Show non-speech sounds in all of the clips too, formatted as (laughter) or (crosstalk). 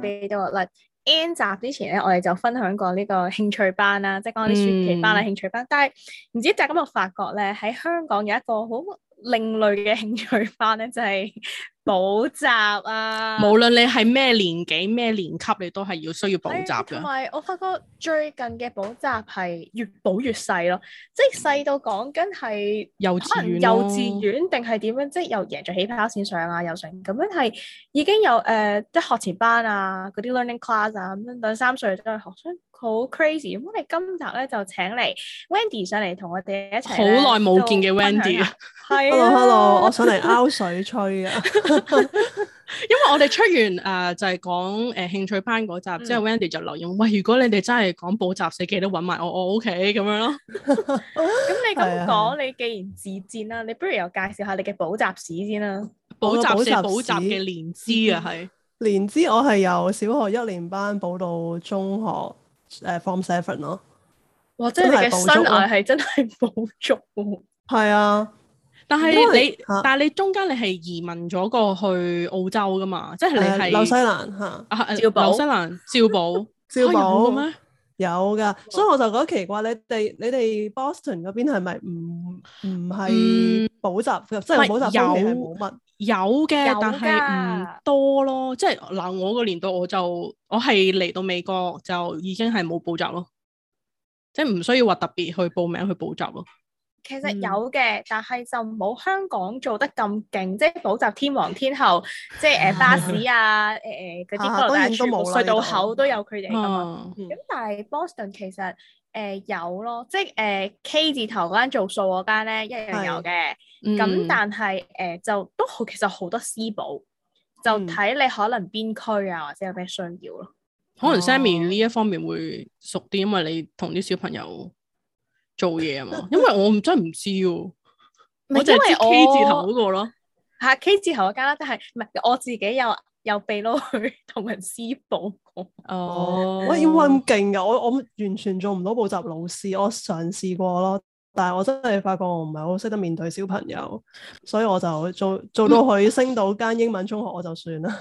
俾到啦，N 集之前咧，我哋就分享過呢個興趣班啦、啊，即係講啲暑期班啊、嗯、興趣班，但係唔知就咁我發覺咧，喺香港有一個好另類嘅興趣班咧，就係、是、補習啊。無論你係咩年紀、咩年級，你都係要需要補習嘅。同埋，我發覺最近嘅補習係越補越細咯，即係細到講緊係幼稚園幼稚園定係點樣，即係又贏咗起跑線上啊，又成咁樣係已經有誒、呃，即係學前班啊，嗰啲 learning class 啊，咁樣兩三歲都係學生。好 crazy！咁我哋今集咧就請嚟 Wendy 上嚟同我哋一齊。好耐冇見嘅 Wendy 啊！係啊，Hello Hello！我上嚟拗水吹啊！因為我哋出完誒就係講誒興趣班嗰集之後，Wendy 就留言喂，如果你哋真係講補習，記得都揾埋我，我 OK 咁樣咯。咁你咁講，你既然自薦啦，你不如又介紹下你嘅補習史先啦。補習史，補習嘅年資啊，係年資，我係由小學一年班補到中學。誒，Form Seven 咯，或者、uh, uh. 你嘅生涯係真係補足，係啊。 (laughs) 啊，但係你，為但係你中間你係移民咗過去澳洲噶嘛？即係你係紐西蘭吓，啊，紐西蘭、uh, 照保寶，啊、照保，可咩 (laughs) 寶？有噶，所以我就覺得奇怪，你哋你哋 Boston 嗰邊係咪唔唔係補習，補習嗯、即係補習方面冇乜？有嘅，有的但係唔多咯。即係嗱、呃，我個年度我就我係嚟到美國就已經係冇補習咯，即係唔需要話特別去報名去補習咯。其實有嘅，嗯、但係就冇香港做得咁勁，即係補習天王天后，即係誒、呃、巴士啊，誒嗰啲高樓大廈全部隧道口都有佢哋噶嘛。咁、嗯嗯、但係 Boston 其實。誒、呃、有咯，即係誒、呃、K 字頭嗰間做數嗰間咧一樣有嘅，咁的但係誒、呃、就都好，其實好多私補，嗯、就睇你可能邊區啊或者有咩需要咯、啊。可能 Sammy 呢一方面會熟啲，因為你同啲小朋友做嘢啊嘛， (laughs) 因為我真係唔知哦、啊， (laughs) 我就係 K 字頭嗰個咯，吓、啊、K 字頭嗰間啦，即係唔係我自己有。又被攞去同人私補哦，哦喂，要咁勁噶？我我完全做唔到補習老師，我嘗試過咯，但係我真係發覺我唔係好識得面對小朋友，所以我就做做到佢升到間英文中學我就算啦。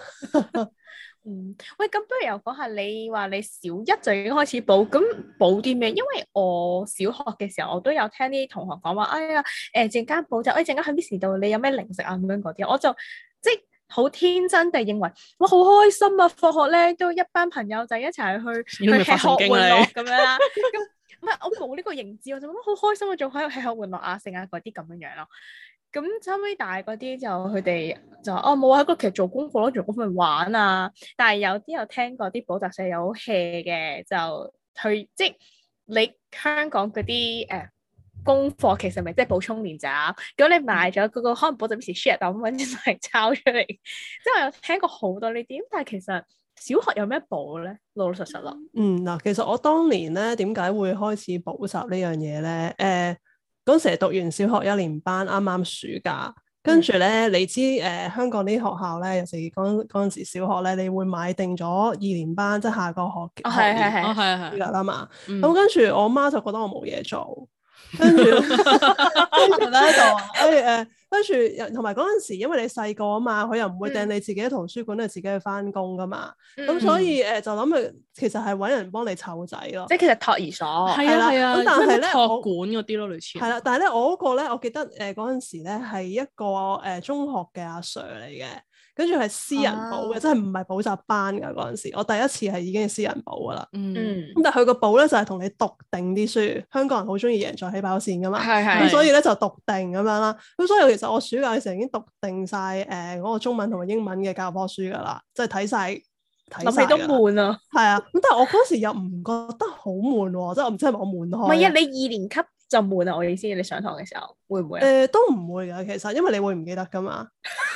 嗯， (laughs) (laughs) 喂，咁不如又講下你話你小一就已經開始補，咁補啲咩？因為我小學嘅時候我都有聽啲同學講話，哎呀，誒陣間補習，誒陣間喺 Miss 度，2, 你有咩零食啊咁樣嗰啲，我就。好天真地認為，我好開心啊！放學咧都一班朋友仔一齊去不去吃喝玩樂咁樣啦。咁唔係我冇呢個認知，我就覺得好開心啊，仲喺度吃喝玩樂啊，剩啊嗰啲咁樣樣咯。咁差唔多大嗰啲就佢哋就話哦冇喺度其實做功課咯，仲好唔好玩啊？但係有啲有聽過啲補習社有 hea 嘅，就去即係你香港嗰啲誒。呃功課其實咪即係補充練習。如果你買咗嗰、那個可能補習老師 s h a r e 係我揾啲人抄出嚟。即 (laughs) 係我有聽過好多呢啲，但係其實小學有咩補咧？老老實實啦。嗯嗱，其實我當年咧點解會開始補習呢樣嘢咧？誒嗰陣時讀完小學一年班，啱啱暑假，跟住咧、嗯、你知誒、呃、香港啲學校咧有時嗰嗰陣時小學咧，你會買定咗二年班，即、就、係、是、下個學學年啦嘛。咁跟住我媽就覺得我冇嘢做。跟住，跟住咧就誒誒，跟住同埋嗰陣時，因為你細個啊嘛，佢又唔會掟你自己喺圖書館，你自己去翻工噶嘛，咁、嗯、所以誒、呃、就諗佢其實係搵人幫你湊仔、啊啊啊、咯，即係其實托兒所係啊係啊，咁但係咧托管嗰啲咯類似，係啦，但係咧我嗰個咧，我記得誒嗰陣時咧係一個誒、呃、中學嘅阿 Sir 嚟嘅。跟住係私人補嘅，啊、即係唔係補習班㗎嗰陣時，我第一次係已經係私人補㗎啦。嗯，咁但係佢個補呢就係、是、同你讀定啲書。香港人好鍾意贏在起跑線㗎嘛，咁、嗯、所以呢就讀定咁樣啦。咁所以其實我暑假嘅時候已經讀定晒誒嗰個中文同埋英文嘅教科書㗎啦，即係睇晒，睇晒。都悶，了 (laughs) 啊悶啊？係啊，咁但係我嗰時又唔覺得好悶喎，即係我唔知係咪我悶開。唔係啊，你二年級。就悶啊！我意思，你上堂嘅時候會唔會誒，都唔會噶，其實，因為你會唔記得噶嘛。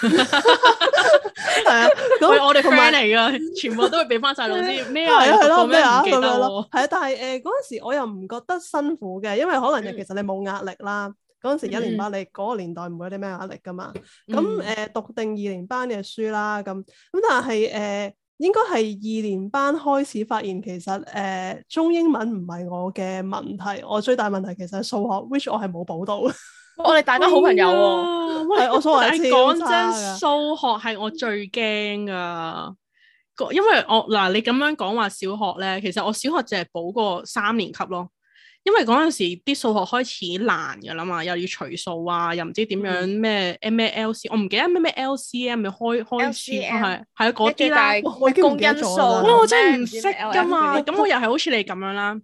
係啊，咁我哋同班嚟噶，全部都會俾翻晒老師咩啊，讀過咩啊，咁樣咯。係啊，但係誒嗰陣時我又唔覺得辛苦嘅，因為可能其實你冇壓力啦。嗰陣時一年班你嗰個年代唔會有啲咩壓力噶嘛？咁誒讀定二年班嘅書啦，咁咁但係誒。應該係二年班開始發現，其實誒、呃，中英文唔係我嘅問題，我最大問題其實係數學，which 我係冇補到。我哋、哦、 (laughs) 大家好朋友，哦，係我所謂講真，數 (laughs) 學係我最驚噶。因為我嗱，你咁樣講話小學咧，其實我小學淨係補過三年級咯。因為嗰陣時啲數學開始難噶啦嘛，又要除數啊，又唔知點樣咩 M 咩 L C，我唔記得咩咩 L C M，開開始係係嗰啲啦，公因數，啊，我真係唔識噶嘛，咁我又係好似你咁樣啦。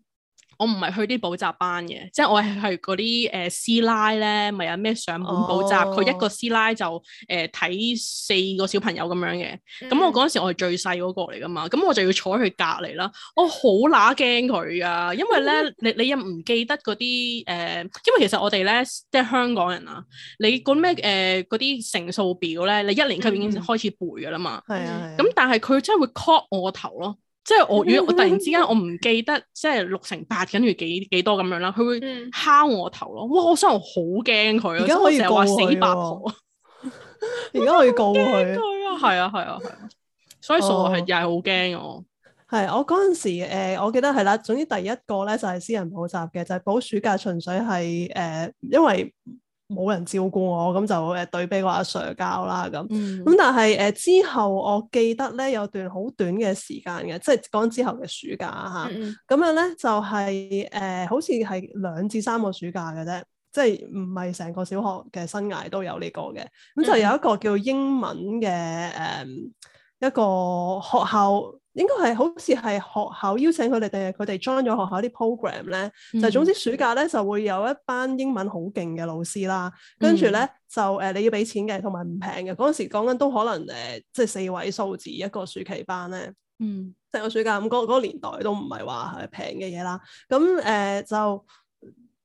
我唔係去啲補習班嘅，即係我係去嗰啲誒師奶咧，咪、呃、有咩上門補習？佢、oh. 一個師奶就誒睇、呃、四個小朋友咁樣嘅。咁、mm. 我嗰陣時我係最細嗰個嚟噶嘛，咁我就要坐喺佢隔離啦。我好乸驚佢啊，因為咧、mm.，你你又唔記得嗰啲誒，因為其實我哋咧即係香港人啊，你講咩誒嗰啲乘數表咧，你一年級已經開始背噶啦嘛。係啊。咁但係佢真係會磕我個頭咯。即係我，如果我突然之間我唔記得，即係六成八跟住幾幾多咁樣啦，佢會敲我頭咯。哇！所以我好驚佢，而家可以告佢。而家可以告佢 (laughs) 啊！係啊，係啊，係、啊。所以數學係又係好驚我。係、哦、我嗰陣時、呃，我記得係啦。總之第一個咧就係、是、私人補習嘅，就係、是、補暑假，純粹係誒、呃，因為。冇人照顧我，咁就誒對比個阿 Sir 教啦咁。咁、嗯、但係誒、呃、之後，我記得咧有段好短嘅時間嘅，即係講之後嘅暑假嚇。咁、嗯、樣咧就係、是、誒、呃，好似係兩至三個暑假嘅啫，即係唔係成個小學嘅生涯都有呢個嘅。咁就有一個叫英文嘅誒一個學校。嗯嗯嗯應該係好似係學校邀請佢哋，定係佢哋 join 咗學校啲 program 咧。嗯、就總之暑假咧就會有一班英文好勁嘅老師啦。跟住咧、嗯、就誒、呃、你要俾錢嘅，同埋唔平嘅。嗰陣時講緊都可能誒、呃，即係四位數字一個暑期班咧。嗯，成個暑假咁嗰嗰個年代都唔係話係平嘅嘢啦。咁誒、呃、就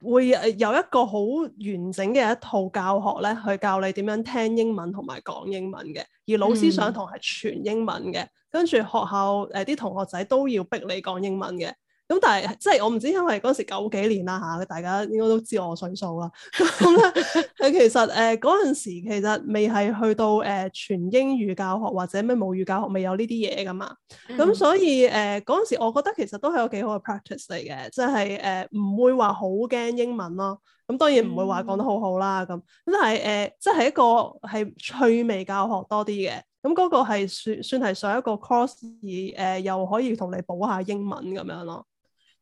會有一個好完整嘅一套教學咧，去教你點樣聽英文同埋講英文嘅。而老師上堂係全英文嘅。嗯跟住學校誒啲、呃、同學仔都要逼你講英文嘅，咁但係即係我唔知因為嗰時九幾年啦嚇、啊，大家應該都知我歲數啦。咁咧誒其實誒嗰陣時其實未係去到誒、呃、全英語教學或者咩母語教學，未有呢啲嘢噶嘛。咁、嗯、所以誒嗰陣時我覺得其實都係有幾好嘅 practice 嚟嘅，即係誒唔會話好驚英文咯。咁當然唔會話講得好好啦。咁咁係誒即係一個係趣味教學多啲嘅。咁嗰個係算算係上一個 course，誒、呃、又可以同你補下英文咁樣咯。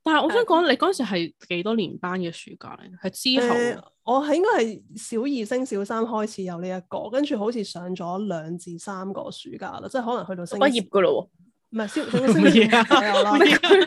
但係我想講， (noise) 你嗰時係幾多年班嘅暑假嚟？係之後、呃、我係應該係小二升小三開始有呢、這、一個，跟住好似上咗兩至三個暑假咯，即係可能去到畢業噶啦喎，唔係升，唔係畢業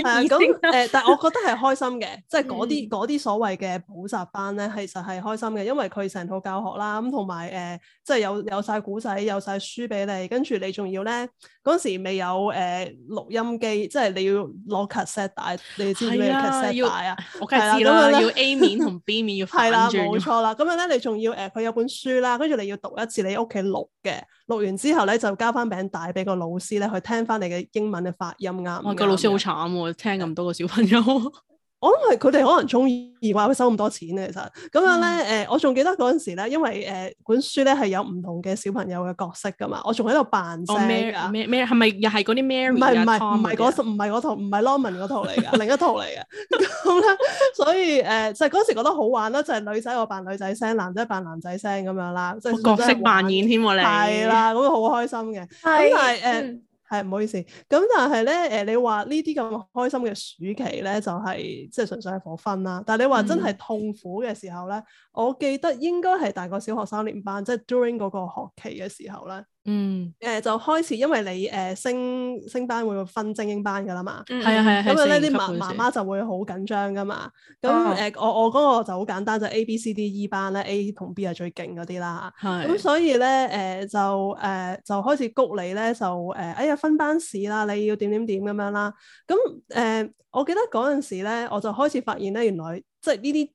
係咁誒，但係我覺得係開心嘅， (laughs) 即係嗰啲啲所謂嘅補習班咧，其實係開心嘅，因為佢成套教學啦，咁同埋誒，即係有有晒古仔，有晒書俾你，跟住你仲要咧，嗰時未有誒、呃、錄音機，即係你要攞 cassette 帶，啊、你知咩 cassette 帶啊？我記啦，要 A 面同 B 面要，要係啦，冇錯啦，咁樣咧，你仲要誒，佢、呃、有本書啦，跟住你要讀一次你屋企錄嘅。錄完之後咧，就交翻餅帶俾個老師咧，去聽翻你嘅英文嘅發音啊。唔、那個老師好慘喎，聽咁多個小朋友。 (laughs) 我諗係佢哋可能中意，而話會收咁多錢咧。其實咁樣咧，誒、嗯呃，我仲記得嗰陣時咧，因為誒、呃、本書咧係有唔同嘅小朋友嘅角色噶嘛，我仲喺度扮咩？哦、是是是啊 Mary 係咪又係嗰啲咩？唔係唔係唔係嗰，唔係嗰套，唔係羅文嗰套嚟噶， (laughs) 另一套嚟噶。咁咧，所以誒、呃，就係、是、嗰時覺得好玩啦，就係、是、女仔我扮女仔聲，男仔扮男仔聲咁樣啦，即、就、係、是、角色扮演添、啊、喎你。係啦，咁啊好開心嘅。咁係。 (laughs) 呃 (laughs) 係唔、哎、好意思，咁但係咧，誒、呃、你話呢啲咁開心嘅暑期咧，就係即係純粹係火分啦。但係你話真係痛苦嘅時候咧，嗯、我記得應該係大概小學三年班，即、就、係、是、during 嗰個學期嘅時候咧。嗯，誒、呃，就開始，因為你誒、呃、升升班會分精英班噶啦嘛，係係、嗯，咁咧啲媽媽媽就會好緊張噶嘛。咁誒、哦，我我嗰個就好簡單，就是、A、B、C、D、E 班咧，A 同 B 係最勁嗰啲啦。係，咁所以咧，誒、呃，就誒、呃，就開始谷你咧，就誒，哎呀，分班試啦，你要點點點咁樣啦。咁誒、呃，我記得嗰陣時咧，我就開始發現咧，原來即係呢啲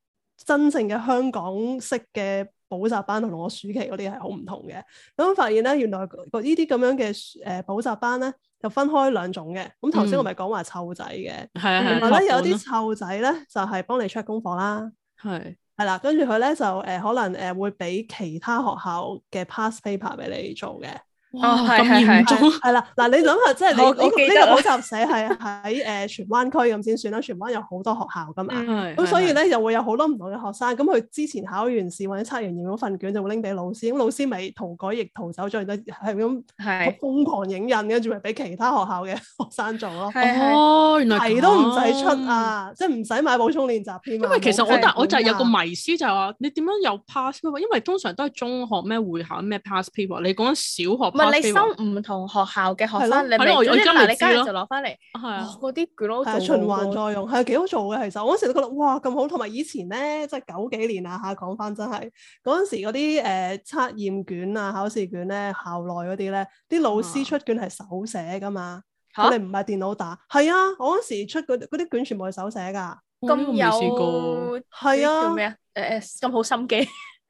真正嘅香港式嘅。補習班同我暑期嗰啲係好唔同嘅，咁發現咧，原來呢啲咁樣嘅誒、呃、補習班咧就分開兩種嘅，咁頭先我咪講話湊仔嘅，係啦、嗯，嗯、有啲湊仔咧就係、是、幫你 check 功課啦，係、嗯，係啦，跟住佢咧就誒、呃、可能誒、呃、會俾其他學校嘅 past paper 俾你做嘅。哦，咁嚴重，係啦，嗱，你諗下，即係你呢個補習社係喺誒荃灣區咁先算啦，荃灣有好多學校噶嘛，咁所以咧就會有好多唔同嘅學生，咁佢之前考完試或者測完驗嗰份卷就會拎俾老師，咁老師咪塗改液塗走，咗，再係咁瘋狂影印，跟住咪俾其他學校嘅學生做咯。哦，原來係都唔使出啊，即係唔使買補充練習片。因為其實我但我就有個迷思就係話，你點樣又 pass paper？因為通常都係中學咩會考咩 pass paper，你講緊小學。你收唔同學校嘅學生，的你攞咗嗱，你跟住就攞翻嚟，係啊的，嗰啲、哦、卷都好循環作用，係幾好做嘅。其實我嗰時都覺得哇咁好，同埋以前咧，即係九幾年啊嚇，講翻真係嗰陣時嗰啲誒測驗卷啊、考試卷咧，校內嗰啲咧，啲老師出卷係手寫噶嘛，我哋唔係電腦打。係啊，我嗰時出嗰啲卷全部係手寫噶，咁、嗯、有係啊？咩啊？誒誒，咁、呃、好心機。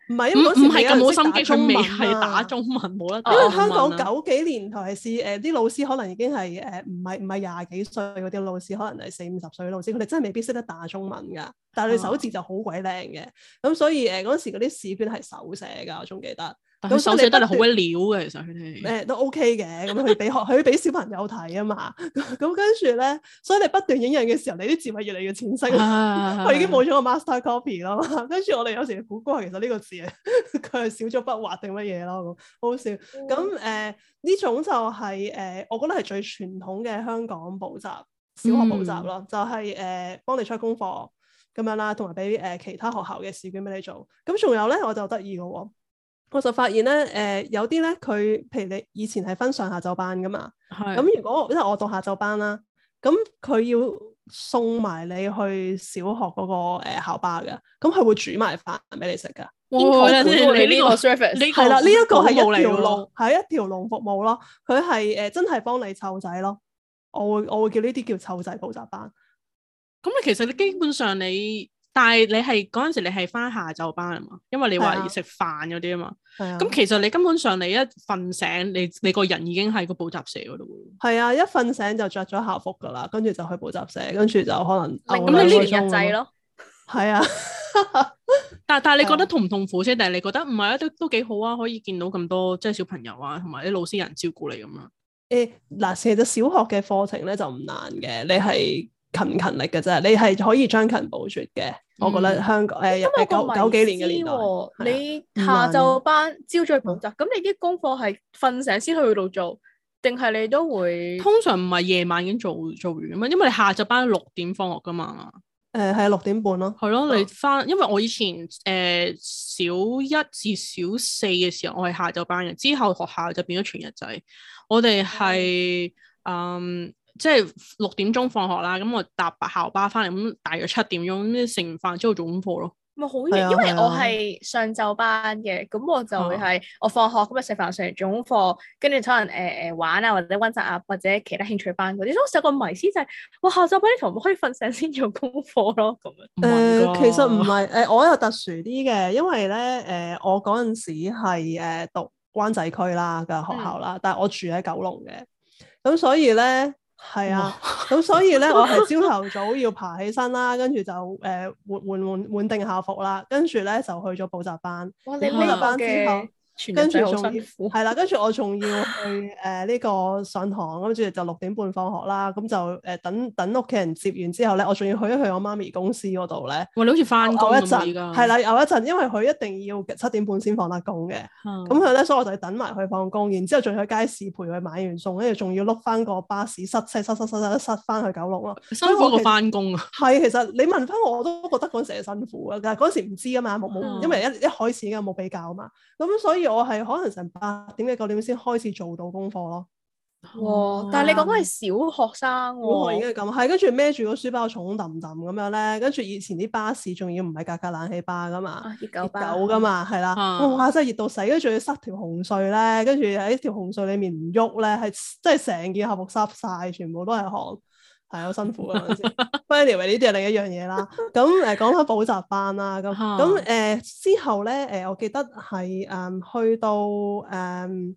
唔係，因為嗰時佢冇心機，佢未係打中文、啊，冇得、嗯。啊、因為香港九幾年同埋是啲、呃、老師可能已經係誒唔係唔係廿幾歲嗰啲老師，可能係四五十歲老師，佢哋真係未必識得打中文噶，但係佢手字就好鬼靚嘅，咁所以誒嗰、呃、時嗰啲試卷係手寫噶，我仲記得。手寫得你好鬼潦嘅，其實佢哋誒都 OK 嘅，咁佢俾學，佢俾小朋友睇啊嘛。咁跟住咧，所以你不斷影印嘅時候，你啲字咪越嚟越淺色。我已經冇咗個 master copy 啦嘛。跟住我哋有時估估，其實呢個字佢係少咗筆畫定乜嘢咯，咁好笑。咁誒呢種就係誒，我覺得係最傳統嘅香港補習小學補習咯，就係誒幫你出功課咁樣啦，同埋俾誒其他學校嘅試卷俾你做。咁仲有咧，我就得意嘅我就發現咧，誒、呃、有啲咧佢，譬如你以前係分上下晝班噶嘛，咁是、嗯、如果因為我當下晝班啦、啊，咁佢要送埋你去小學嗰、那個、呃、校巴噶，咁佢會煮埋飯俾你食噶。我會提供你呢個 service，係啦，呢一個係一條路，係一條龍服務咯。佢係誒真係幫你湊仔咯。我會我會叫呢啲叫湊仔補習班。咁你其實你基本上你。嗯嗯但係你係嗰陣時，你係翻下晝班啊嘛，因為你話要食飯嗰啲啊嘛。咁、啊、其實你根本上你一瞓醒，你你個人已經係個補習社嗰度。係啊，一瞓醒就着咗校服噶啦，跟住就去補習社，跟住就可能。咁你呢段日制咯。係是啊， (laughs) 但但係你覺得痛唔痛苦先？但係你覺得唔係啊，都都幾好啊，可以見到咁多即係小朋友啊，同埋啲老師人照顧你咁啦。誒嗱、欸，其、呃、咗小學嘅課程咧就唔難嘅，你係勤勤力嘅啫，你係可以將勤補拙嘅。我覺得香港誒，因為九幾年嘅年代，你下晝班朝早去補習，咁你啲功課係瞓醒先去嗰度做，定係你都會？通常唔係夜晚已經做做完啊嘛，因為你下晝班六點放學噶嘛。誒，係六點半咯。係咯，你翻，因為我以前誒小一至小四嘅時候，我係下晝班嘅，之後學校就變咗全日制。我哋係，嗯。即係六點鐘放學啦，咁、啊、我搭校巴翻嚟，咁大約七點鐘，咁食完飯之後做功課咯。咪好，因為我係上晝班嘅，咁我就會係我放學咁啊食飯，上完做功課，跟住可能誒誒玩啊，或者溫習啊，或者其他興趣班嗰啲。啊、così, 所以我成個迷思就係、是，我下晝班啲同學可以瞓醒先做功課咯，咁樣。誒、呃，其實唔係，誒、呃，我有特殊啲嘅，因為咧，誒、呃呃，我嗰陣、呃呃、時係誒讀灣仔區啦嘅學校啦，但係我住喺九龍嘅，咁所以咧。呃係啊，咁哇所以咧， (laughs) 我係朝頭早要爬起身啦，跟住就誒換換換換定校服啦，跟住咧就去咗補習班。哇，你補習班之後，哦 okay. 辛苦，跟住仲要係啦、 (laughs) 嗯，跟住我仲要去誒呢、呃呢個上堂，跟住就六點半放學啦。咁就誒等等屋企人接完之後咧，我仲要去一去我媽咪公司嗰度咧。喂、哦，你好似翻工一陣，係啦，有一陣，因為佢一定要七點半先放得工嘅。咁佢咧，所以我就等埋佢放工，然之後仲去街市陪佢買完餸，跟住仲要碌翻個巴士塞塞塞塞塞塞翻去九龍咯。辛苦過翻工啊！係，其實你問翻我都覺得嗰陣時係辛苦啊。但係嗰時唔知啊嘛，冇冇，因為一,一開始嘅冇比較啊嘛。咁所以。我係可能成八點嘅九點先開始做到功課咯。哇、哦！但係你講緊係小學生？哦，哦、小學已經係咁，係，跟住孭住個書包重冧冧咁樣咧，跟住以前啲巴士仲要唔係格格冷氣巴噶嘛熱狗噶嘛係啦，嗯、哇！真係熱到死，跟住仲要塞條紅隧咧，跟住喺條紅隧裏面唔喐咧，係即係成件校服濕晒，全部都係汗。係好辛苦啊！反而呢啲係另一樣嘢啦。咁 (noise) 誒樂，講翻補習班啦。咁、嗯、誒之後咧，誒我記得係誒、嗯、去到誒、嗯、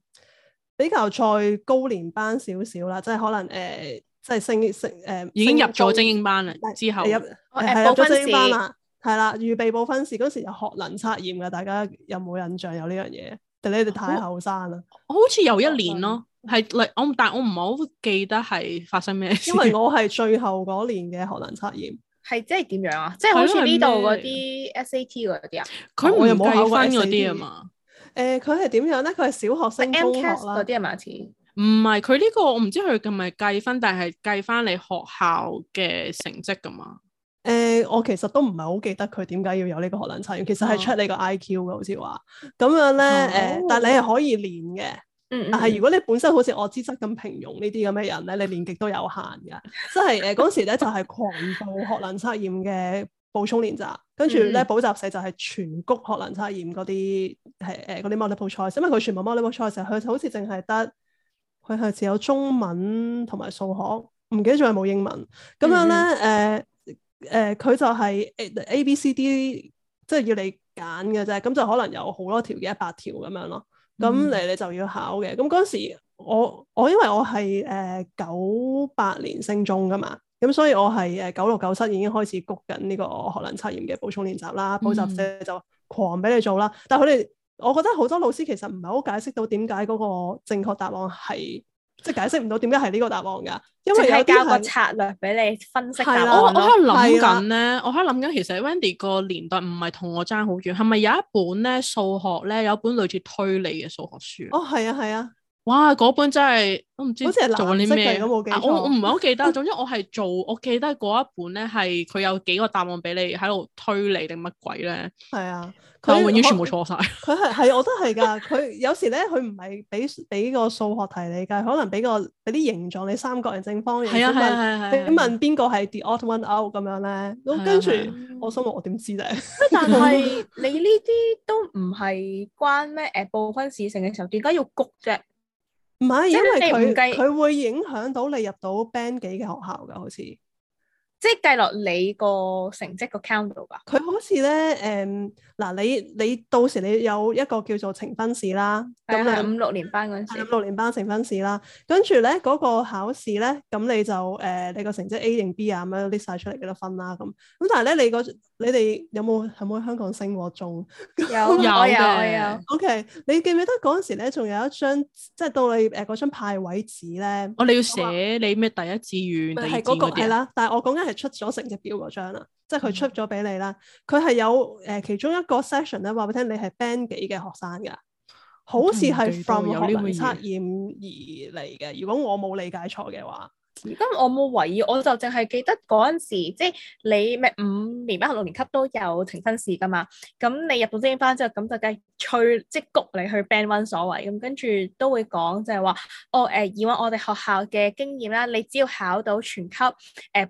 比較再高年班少少啦，即係可能誒、呃、即係升誒、呃、已經入咗精英班啦。之後入誒入咗、哦呃、精英班啦，係啦，預備部分試嗰時有學能測驗㗎，大家有冇印象有呢樣嘢？但係你哋太後生啦，好似又一年咯。係嚟我，但我唔係好記得係發生咩，因為我係最後嗰年嘅學能測驗，係 (laughs) 即係點樣啊？即係好似呢度嗰啲 S A T 嗰啲啊？佢又冇計分嗰啲啊嘛？誒、呃，佢係點樣咧？佢係小學生、中學嗰啲啊，咪啊？唔係，佢呢、呢個我唔知佢係咪計分，但係計翻你學校嘅成績噶嘛？誒、呃，我其實都唔係好記得佢點解要有呢個學能測驗，其實係出你個 I Q 噶，好似話咁樣咧。誒、嗯，嗯、但你係可以練嘅。嗯，但係如果你本身好似我資質咁平庸呢啲咁嘅人咧，你練極都有限嘅。即係誒嗰時咧就係、是、狂暴學能測驗嘅補充練習，跟住咧補習社就係全谷學能測驗嗰啲係誒嗰啲 multiple choice。因為佢全部 multiple choice，佢好似淨係得佢係只有中文同埋數學，唔記得仲有冇英文。咁樣咧誒誒，佢、嗯呃呃、就係 A B C D，即係要你揀嘅啫。咁就可能有好多條嘅一百條咁樣咯。咁你、嗯、你就要考嘅，咁嗰時我我因為我係誒九八年升中㗎嘛，咁所以我係誒九六九七已經開始焗緊呢個學能測驗嘅補充練習啦，補習社就狂俾你做啦。嗯、但係佢哋，我覺得好多老師其實唔係好解釋到點解嗰個正確答案係。即係解釋唔到點解係呢個答案㗎，淨係教個策略俾你分析㗎、啊。我、啊、我喺度諗緊咧，我喺度諗緊其實 Wendy 個年代唔係同我爭好遠，係咪有一本咧數學咧有一本類似推理嘅數學書？哦，係啊，係啊。哇！嗰本真係，我唔知做你咩都冇記，我我唔係好記得。總之我係做，我記得嗰一本咧係佢有幾個答案俾你喺度推理定乜鬼咧。係啊，佢永遠全部錯晒。佢係係，我都係噶。佢有時咧，佢唔係俾俾個數學題你嘅，可能俾個俾啲形狀，你三角形、正方形。係啊係啊係啊。你問邊個係 the odd one out 咁樣咧？咁跟住，我心話我點知啫？但係你呢啲都唔係關咩？誒，部分事情嘅時候，點解要焗啫？唔係，因為佢佢會影響到你入到 band 幾嘅學校噶，好似即係計落你個成績個 count 度噶。佢好似咧，誒、嗯，嗱，你你到時你有一個叫做呈分試啦，咁啊的你，五六年班嗰陣時，五六年班呈分試啦，跟住咧嗰個考試咧，咁你就誒、呃，你個成績 A 定 B 啊，咁樣 list 晒出嚟幾多分啦，咁咁但係咧你個。你哋有冇有冇香港升過中？有有有有。O.K. 你記唔記得嗰陣時咧，仲有一張即係到你誒嗰張派位紙咧？哦，你要寫說你咩第一志願、是第二志願嗰啲。啦、啊，但係我講緊係出咗成隻表嗰張啦，即係佢出咗俾你啦。佢係、嗯、有誒、呃、其中一個 session 咧，話俾你聽，你係 Band 幾嘅學生㗎，好似係 from 學能測驗而嚟嘅。如果我冇理解錯嘅話。咁、嗯、我冇懷疑，我就淨係記得嗰陣時，即係你咩五年班同六年級都有呈分試噶嘛。咁你入到精英班之後，咁就乾脆即谷你去 band one 所謂咁，跟住都會講就係話，我、哦、誒、呃、以往我哋學校嘅經驗啦，你只要考到全級誒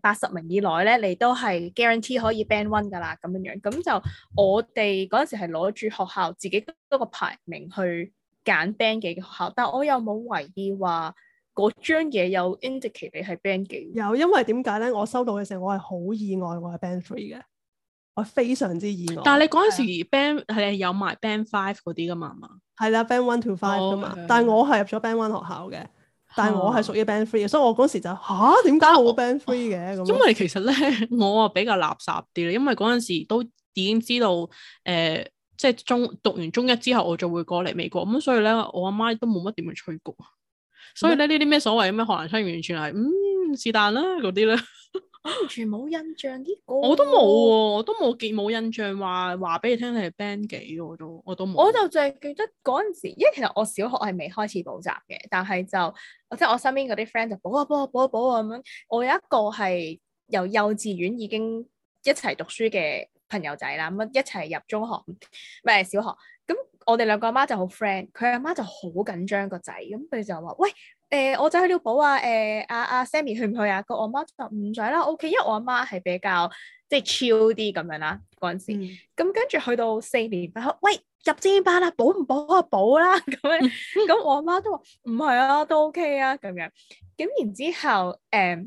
八十名以內咧，你都係 guarantee 可以 band one 噶啦咁樣樣。咁就我哋嗰陣時係攞住學校自己嗰個排名去揀 band 幾嘅學校，但我又冇懷疑話。我張嘢有 indicate 你係 band 幾？有，因為點解咧？我收到嘅時候，我係好意外，我係 band three 嘅，我非常之意外。但係你嗰陣時 band 係 Yeah. 有埋 band five 嗰啲㗎嘛？嘛係啦，band one to five 㗎嘛。Oh, okay. 但係我係入咗 band one 學校嘅，但係我係屬於 band three 嘅。Oh. 所以我嗰時就吓，點、啊、解我 band three 嘅？因為其實咧，我啊比較垃圾啲咧，因為嗰陣時都已經知道，誒、呃，即係中讀完中一之後，我就會過嚟美國咁，所以咧，我阿媽都冇乜點去催促。所以咧呢啲咩所謂咩學蘭春，完全係嗯是但啦嗰啲咧，呢 (laughs) 完全冇印象啲歌、啊。我都冇喎，我都冇記冇印象話話俾你聽，你係 band 幾我都我都冇。我就淨係記得嗰陣時，因為其實我小學係未開始補習嘅，但係就即係、就是、我身邊嗰啲 friend 就補啊補啊補啊補啊咁樣、啊啊啊啊啊。我有一個係由幼稚園已經一齊讀書嘅朋友仔啦，咁一齊入中學唔係小學。我哋兩個阿媽就好 friend，佢阿媽就好緊張個仔，咁佢就話：喂，誒我仔喺度補啊，誒阿阿 Sammy 去唔去啊？個、啊、我媽，媽就唔仔啦，OK，因為我阿媽係比較即係超啲咁樣啦嗰陣時。咁跟住去到四年班，喂入精英班啦，補唔補啊？補啦！咁樣咁我阿媽都話唔係啊，都 OK 啊咁樣。咁 (laughs) 然之後誒、呃、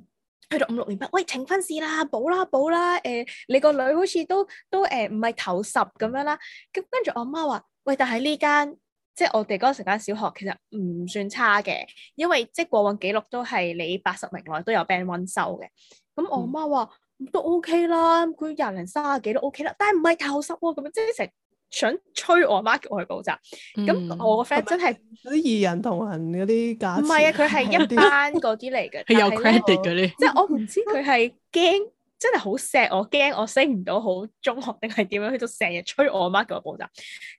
去到五六年班，喂，呈分試啦，補啦補啦，誒、呃、你個女好似都都誒唔係頭十咁樣啦。咁跟住我阿媽話。beb a (laughs) 喂，但係呢間即係我哋嗰陣時間小學其實唔算差嘅，因為即係過往記錄都係你八十名內都有 band one 收嘅。咁我媽話、嗯、都 OK 啦，佢廿零卅幾都 OK 啦，但係唔係太好濕喎咁樣，即係成日想催我媽叫、嗯、我去補習。咁我個 friend 真係啲二人同行嗰啲價，唔係啊，佢係一班嗰啲嚟嘅，佢 (laughs) 有 credit 嘅咧，些即係我唔知佢係驚。真係好錫我，驚我升唔到好中學定係點樣，佢都成日催我阿媽叫我補習。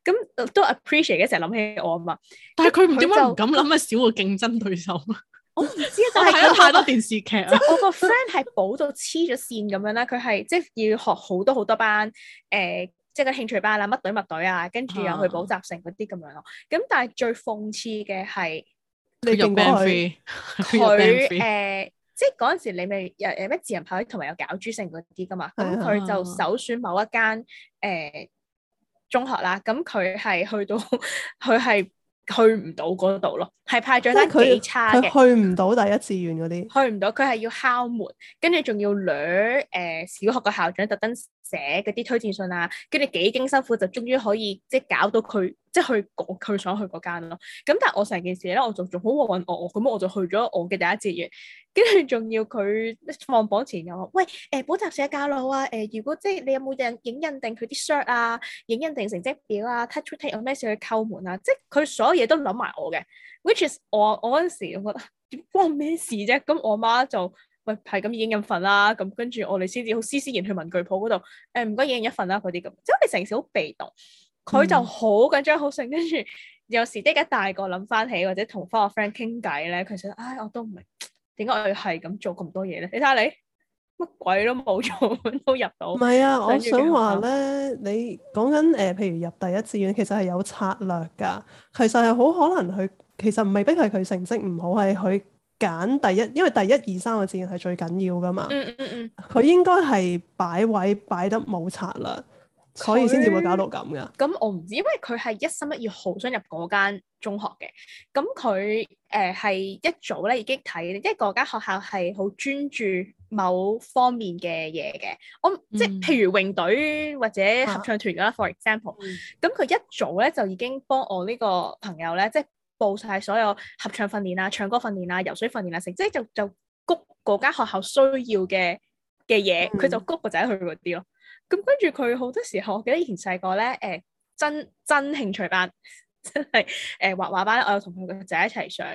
咁都 appreciate 成日諗起我啊嘛。但係佢點解唔敢諗咩少個競爭對手？就我唔知，就係睇咗太多電視劇。 (laughs) 我個 friend 係補到黐咗線咁樣啦，佢係即係要學好多好多班，誒、呃，即係個興趣班啦，乜隊乜隊啊，跟住又去補習成嗰啲咁樣咯。咁、啊、但係最諷刺嘅係，你用 b a n 嗰陣時你咪有誒咩自認派，同埋有，有搞專升嗰啲噶嘛？咁佢、嗯、就首選某一間誒、呃、中學啦。咁佢係去到，佢係去唔到嗰度咯。係派咗得幾差，去唔到第一志願嗰啲，去唔到佢係要敲門，跟住仲要女誒、呃、小學嘅校長特登寫嗰啲推薦信啊，跟住幾經辛苦就終於可以即係搞到佢。即係去嗰佢想去嗰間咯，咁但係我成件事咧，我就做好我揾我，咁我就去咗我嘅第一志願。跟住仲要佢放榜前又話：喂，誒補習社教路啊，誒、呃、如果即係你有冇印影印定佢啲 shirt 啊，影印定成績表啊，touch with take 有咩事去叩門啊，即係佢所有嘢都諗埋我嘅。Which is 我我嗰陣時我覺得點關我咩事啫？啊，咁我媽就喂係咁影印份啦啊，咁跟住我哋先至好斯斯然去文具鋪嗰度誒，唔該影印一份啦嗰啲咁，即係我哋成時好被動。佢就好緊張好醒，跟住有時即刻大個諗翻起，或者同翻個 friend 傾偈咧，佢想：哎「唉我都唔明點解我要係咁做咁多嘢咧。你睇下你乜鬼都冇做，都入到。唔係啊，我想話咧，你講緊誒，譬、呃、如入第一志願，其實係有策略㗎。其實係好可能佢其實唔係因為佢成績唔好，係佢揀第一，因為第一二三個志願係最緊要㗎嘛。嗯嗯嗯嗯。佢應該係擺位擺得冇策略。所以先至會搞到咁嘅。咁我唔知，因為佢係一心一意好想入嗰間中學嘅。咁佢誒係一早咧已經睇，即係嗰間學校係好專注某方面嘅嘢嘅。我即係譬如泳隊或者合唱團㗎啦、啊，for example、嗯。咁佢一早咧就已經幫我呢個朋友咧，即係報晒所有合唱訓練啊、唱歌訓練啊、游水訓練啊，成即係就就谷嗰間學校需要嘅嘅嘢，佢、嗯、就谷個仔去嗰啲咯。咁跟住佢好多時候，我記得以前細個咧，誒、欸、真真興趣班真係誒、欸、畫畫班我有同佢個仔一齊上。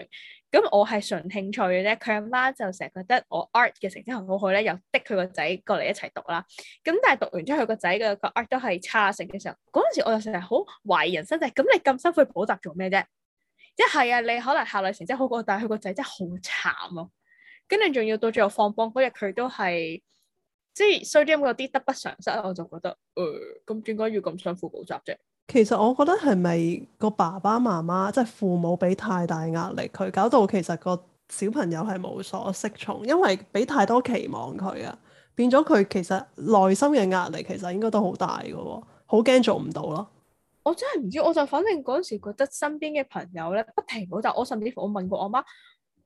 咁我係純興趣嘅咧，佢阿媽，媽就成日覺得我 art 嘅成績好好咧，又逼佢個仔過嚟一齊讀啦。咁但係讀完之後，佢個仔嘅個 art 都係差成嘅時候，嗰陣時我就成日好懷疑人生，就係咁你咁辛苦去補習做咩啫？即、就、係、是、啊，你可能校內成績好過，但係佢個仔真係好慘咯。跟住仲要到最後放榜嗰日，佢都係。即係衰啲咁，有啲得不償失，我就覺得，誒，咁點解要咁上輔導補習啫？其實我覺得係咪個爸爸媽媽即係父母俾太大壓力佢，搞到其實個小朋友係無所適從，因為俾太多期望佢啊，變咗佢其實內心嘅壓力其實應該都好大㗎喎，好驚做唔到咯。我真係唔知，我就反正嗰陣時覺得身邊嘅朋友咧，不停補習，我甚至乎我問過我媽，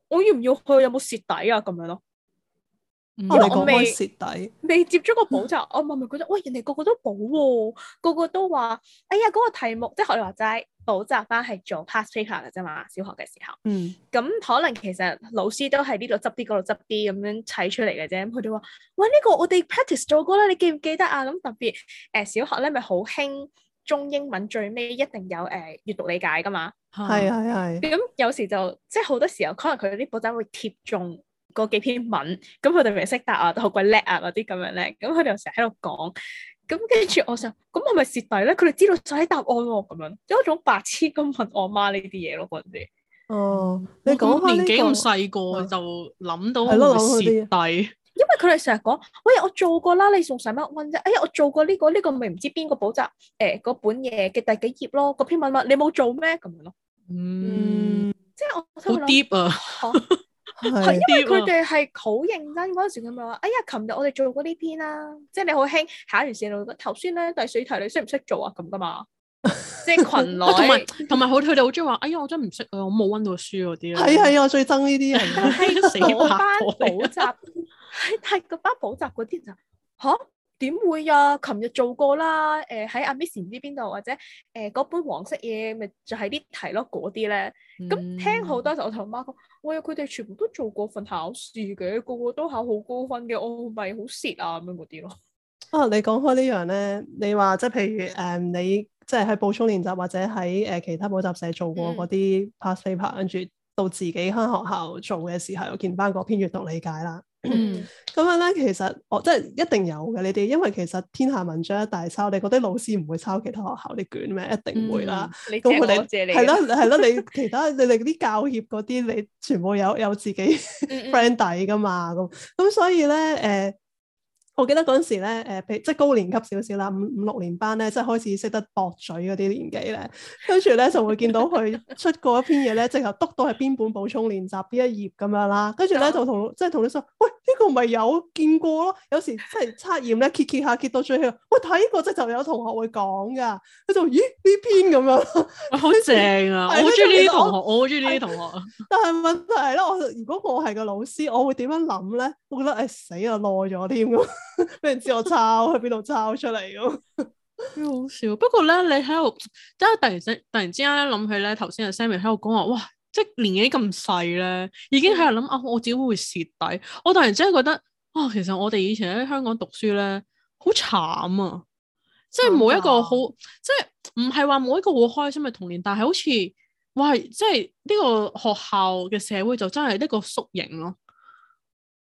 我要唔要去？有冇蝕底啊？咁樣咯。嗯、我未未接咗個補習，嗯、我咪咪覺得喂人哋個個都補喎，哦，個個都話哎呀嗰，嗰個題目即係學你話齋補習班係做 past paper 噶啫嘛，小學嘅時候，咁，嗯、可能其實老師都係呢度執啲，嗰度執啲咁樣睇出嚟嘅啫。咁佢哋話喂呢，呢個我哋 practice 做過啦，你記唔記得啊？咁特別誒、呃、小學咧咪好興中英文最尾一定有誒閱、呃、讀理解噶嘛，係係係。咁，嗯、有時就即係好多時候可能佢啲補習會貼中。嗰幾篇文，咁佢哋咪識答啊，都好鬼叻啊，嗰啲咁樣咧。咁佢哋又成日喺度講，咁跟住我想，咁我咪蝕底咧？佢哋知道就喺答案喎，咁樣有一種白痴咁問我媽呢啲嘢咯，嗰陣時。哦，你講年紀咁細個就諗到係咯蝕底。因為佢哋成日講，喂我做過啦，你仲使乜問啫？哎呀我做過呢個呢個，咪唔知邊個補習誒嗰本嘢嘅第幾頁咯，嗰篇文啦，你冇做咩咁樣咯？嗯，即係我好 deep 啊！係，因為佢哋係好認真嗰陣時，佢咪話：哎呀，琴日我哋做過呢篇啦，即係你好興考完試，頭先咧第四題你識唔識做啊？咁噶嘛，即係群內同埋同埋好，佢哋好中意話：哎呀，我真唔識啊，我冇溫到書嗰啲。係啊係啊，我最憎呢啲人。但係嗰班補習，但係嗰班補習啲就吓。點會啊？琴日做過啦，誒喺阿 Miss 唔知邊度，或者誒嗰本黃色嘢，咪就係啲題咯，嗰啲咧。咁聽好多時，我同媽講，喂，話佢哋全部都做過份考試嘅，個個都考好高分嘅，我咪好蝕啊咁樣嗰啲咯。啊，你講開呢樣咧，你話即係譬如誒，你即係喺補充練習或者喺誒其他補習社做過嗰啲 past paper，跟住到自己喺學校做嘅時候，我見翻嗰篇閱讀理解啦。嗯，咁樣咧，嗯嗯、其實我即係一定有嘅，你哋，因為其實天下文章一大抄，你嗰啲老師唔會抄其他學校啲卷咩？一定會啦。嗯、你請我謝你。係囉，係囉，你其他 (laughs) 你哋啲教協嗰啲，你全部有有自己 friend 底噶嘛？咁，咁、嗯嗯、所以咧誒。嗯我記得嗰陣時咧，誒、呃，即係高年級少少啦，五五六年班咧，即係開始識得駁嘴嗰啲年紀咧。跟住咧就會見到佢出過一篇嘢咧，即係督到係邊本補充練習邊一頁咁樣啦。呢跟住咧就同即係同你講，喂，呢、呢個咪有見過咯？有時即係測驗咧，揭揭下揭到最後，喂，睇過即係有同學會講噶。佢就咦呢篇咁樣， (laughs) (laughs) 好正啊！好中意呢啲同學，後我好中意呢啲同學。 (laughs) 但係問題咧，我如果我係個老師，我會點樣諗咧？我覺得誒、哎哎、死啊，耐咗添俾 (laughs) 人知我抄去邊度抄出嚟咁，好笑。不過咧，你喺度即係突然突然之間諗起咧，頭先阿 Sammy 喺度講話，哇！即係年紀咁細咧，已經喺度諗啊，我自己會唔會蝕底。我突然之間覺得，哇！其實我哋以前喺香港讀書咧，好慘啊！即係冇一個好， (laughs) 即係唔係話冇一個好開心嘅童年，但係好似哇！即係呢個學校嘅社會就真係呢個縮影咯。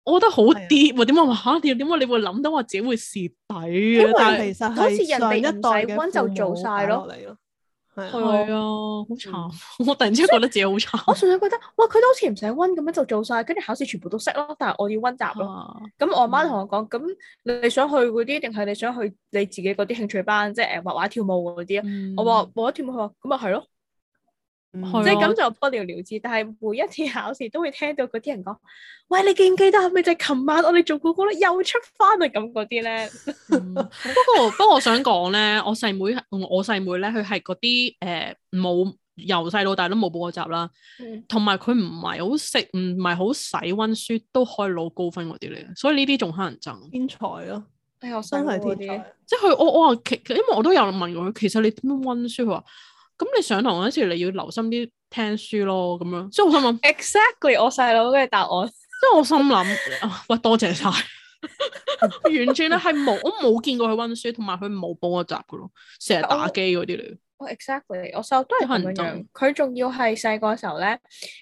我覺得好跌，點解吓點點解你會諗到我自己會蝕底、啊、因為好似人哋唔使溫就做晒咯，係啊，好慘、啊！慘嗯、我突然之間覺得自己好慘。我純粹覺得，哇！佢都好似唔使溫咁樣就做晒，跟住考試全部都識咯。但係我要溫習咯。咁、啊、我阿媽同我講，咁、嗯、你想去嗰啲，定係你想去你自己嗰啲興趣班，即係誒畫畫跳舞嗰啲啊？嗯、我話冇得跳舞，佢話咁啊係咯。嗯啊、即係咁就不了了之，但係每一次考試都會聽到嗰啲人講，喂，你記唔記得係咪就係琴晚我哋做估估咧又出翻啊？咁嗰啲咧。不過不過，我想講咧， (laughs) 我細妹我細妹咧，佢係嗰啲誒冇由細到大都冇補過習啦，同埋佢唔係好食唔係好使溫書，都可以攞高分嗰啲嚟，所以呢啲仲可能爭天才咯、啊。誒、哎，我真係天才。天才啊、即係我我話其因為我都有問過佢：「其實你點樣溫書？」佢話。咁你上堂嗰陣時，你要留心啲聽書咯，咁樣。所以我諗，exactly 我細佬嘅答案。即係我心諗，喂 (laughs) 多謝晒。 (laughs) 」完全咧係冇，我冇見過佢温書，同埋佢冇幫我習嘅咯，成日打機嗰啲嚟。哦、oh，exactly 我細佬都係混雜。佢仲要係細個時候咧，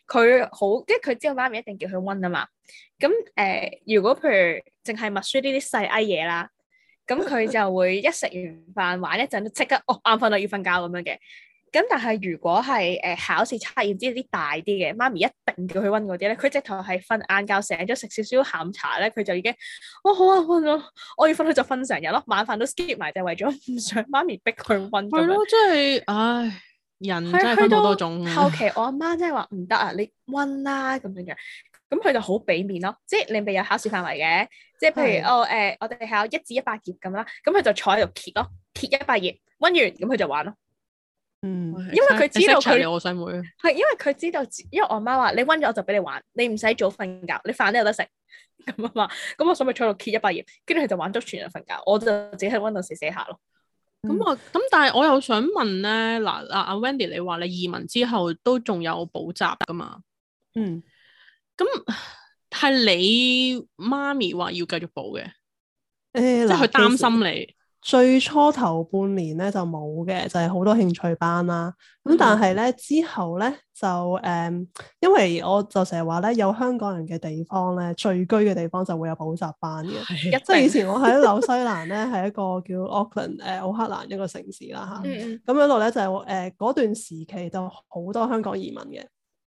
佢好，因為佢知道媽咪一定叫佢温啊嘛。咁誒、呃，如果譬如淨係默書呢啲細藝嘢啦，咁佢就會一食完飯玩一陣，即刻我眼瞓到要瞓覺咁樣嘅。咁但係如果係誒、呃、考試測驗之啲大啲嘅，媽咪一定叫佢温嗰啲咧。佢直頭係瞓晏覺醒咗，食少少下午茶咧，佢就已經我、哦、好啊，温咗。我要瞓佢就瞓成日咯，晚飯都 skip 埋，就係為咗唔想媽咪逼佢温。佢咯，真係，唉，人真係好多種。後期我阿媽，媽真係話唔得啊，你温啦咁樣樣，咁佢就好俾面咯。即係你咪有考試範圍嘅，即係譬如我誒唉、哦呃，我哋考一至一百頁咁啦，咁佢就坐喺度揭咯，揭一百頁，温完咁佢就玩咯。嗯，因為佢知道我細妹，係因為佢知道，因為我媽話你溫咗我就俾你玩，你唔使早瞓覺，你飯都有得食咁啊嘛。咁我想咪坐度揭一百頁，跟住佢就玩足全日瞓覺，我就自己喺溫度時寫下咯。咁啊、嗯，咁、嗯、但係我又想問咧，嗱嗱阿、啊、Wendy，你話你移民之後都仲有補習噶嘛？嗯，咁係你媽咪話要繼續補嘅，誒、欸，即係佢擔心你。欸最初頭半年咧就冇嘅，就係好、就是、多興趣班啦。咁但係咧、嗯、哼之後咧就誒、嗯，因為我就成日話咧有香港人嘅地方咧聚居嘅地方就會有補習班嘅。是即係以前我喺紐西蘭咧係一個叫 Auckland、呃、誒奧克蘭一個城市啦吓。咁樣落咧就誒嗰段時期就好多香港移民嘅。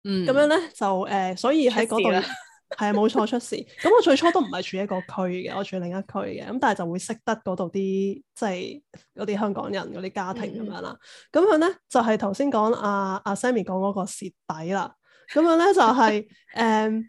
嗯、咁、嗯、樣咧就誒、呃，所以喺嗰度。 (laughs) 係啊，冇錯 (laughs) 出事。咁我最初都唔係住一個區嘅，我住另一區嘅。咁但係就會識得嗰度啲，即係嗰啲香港人嗰啲家庭咁樣啦。咁、嗯、樣咧就係頭先講阿阿 Sammy 講嗰個蝕底啦。咁樣咧就係、是、誒、 (laughs) 嗯、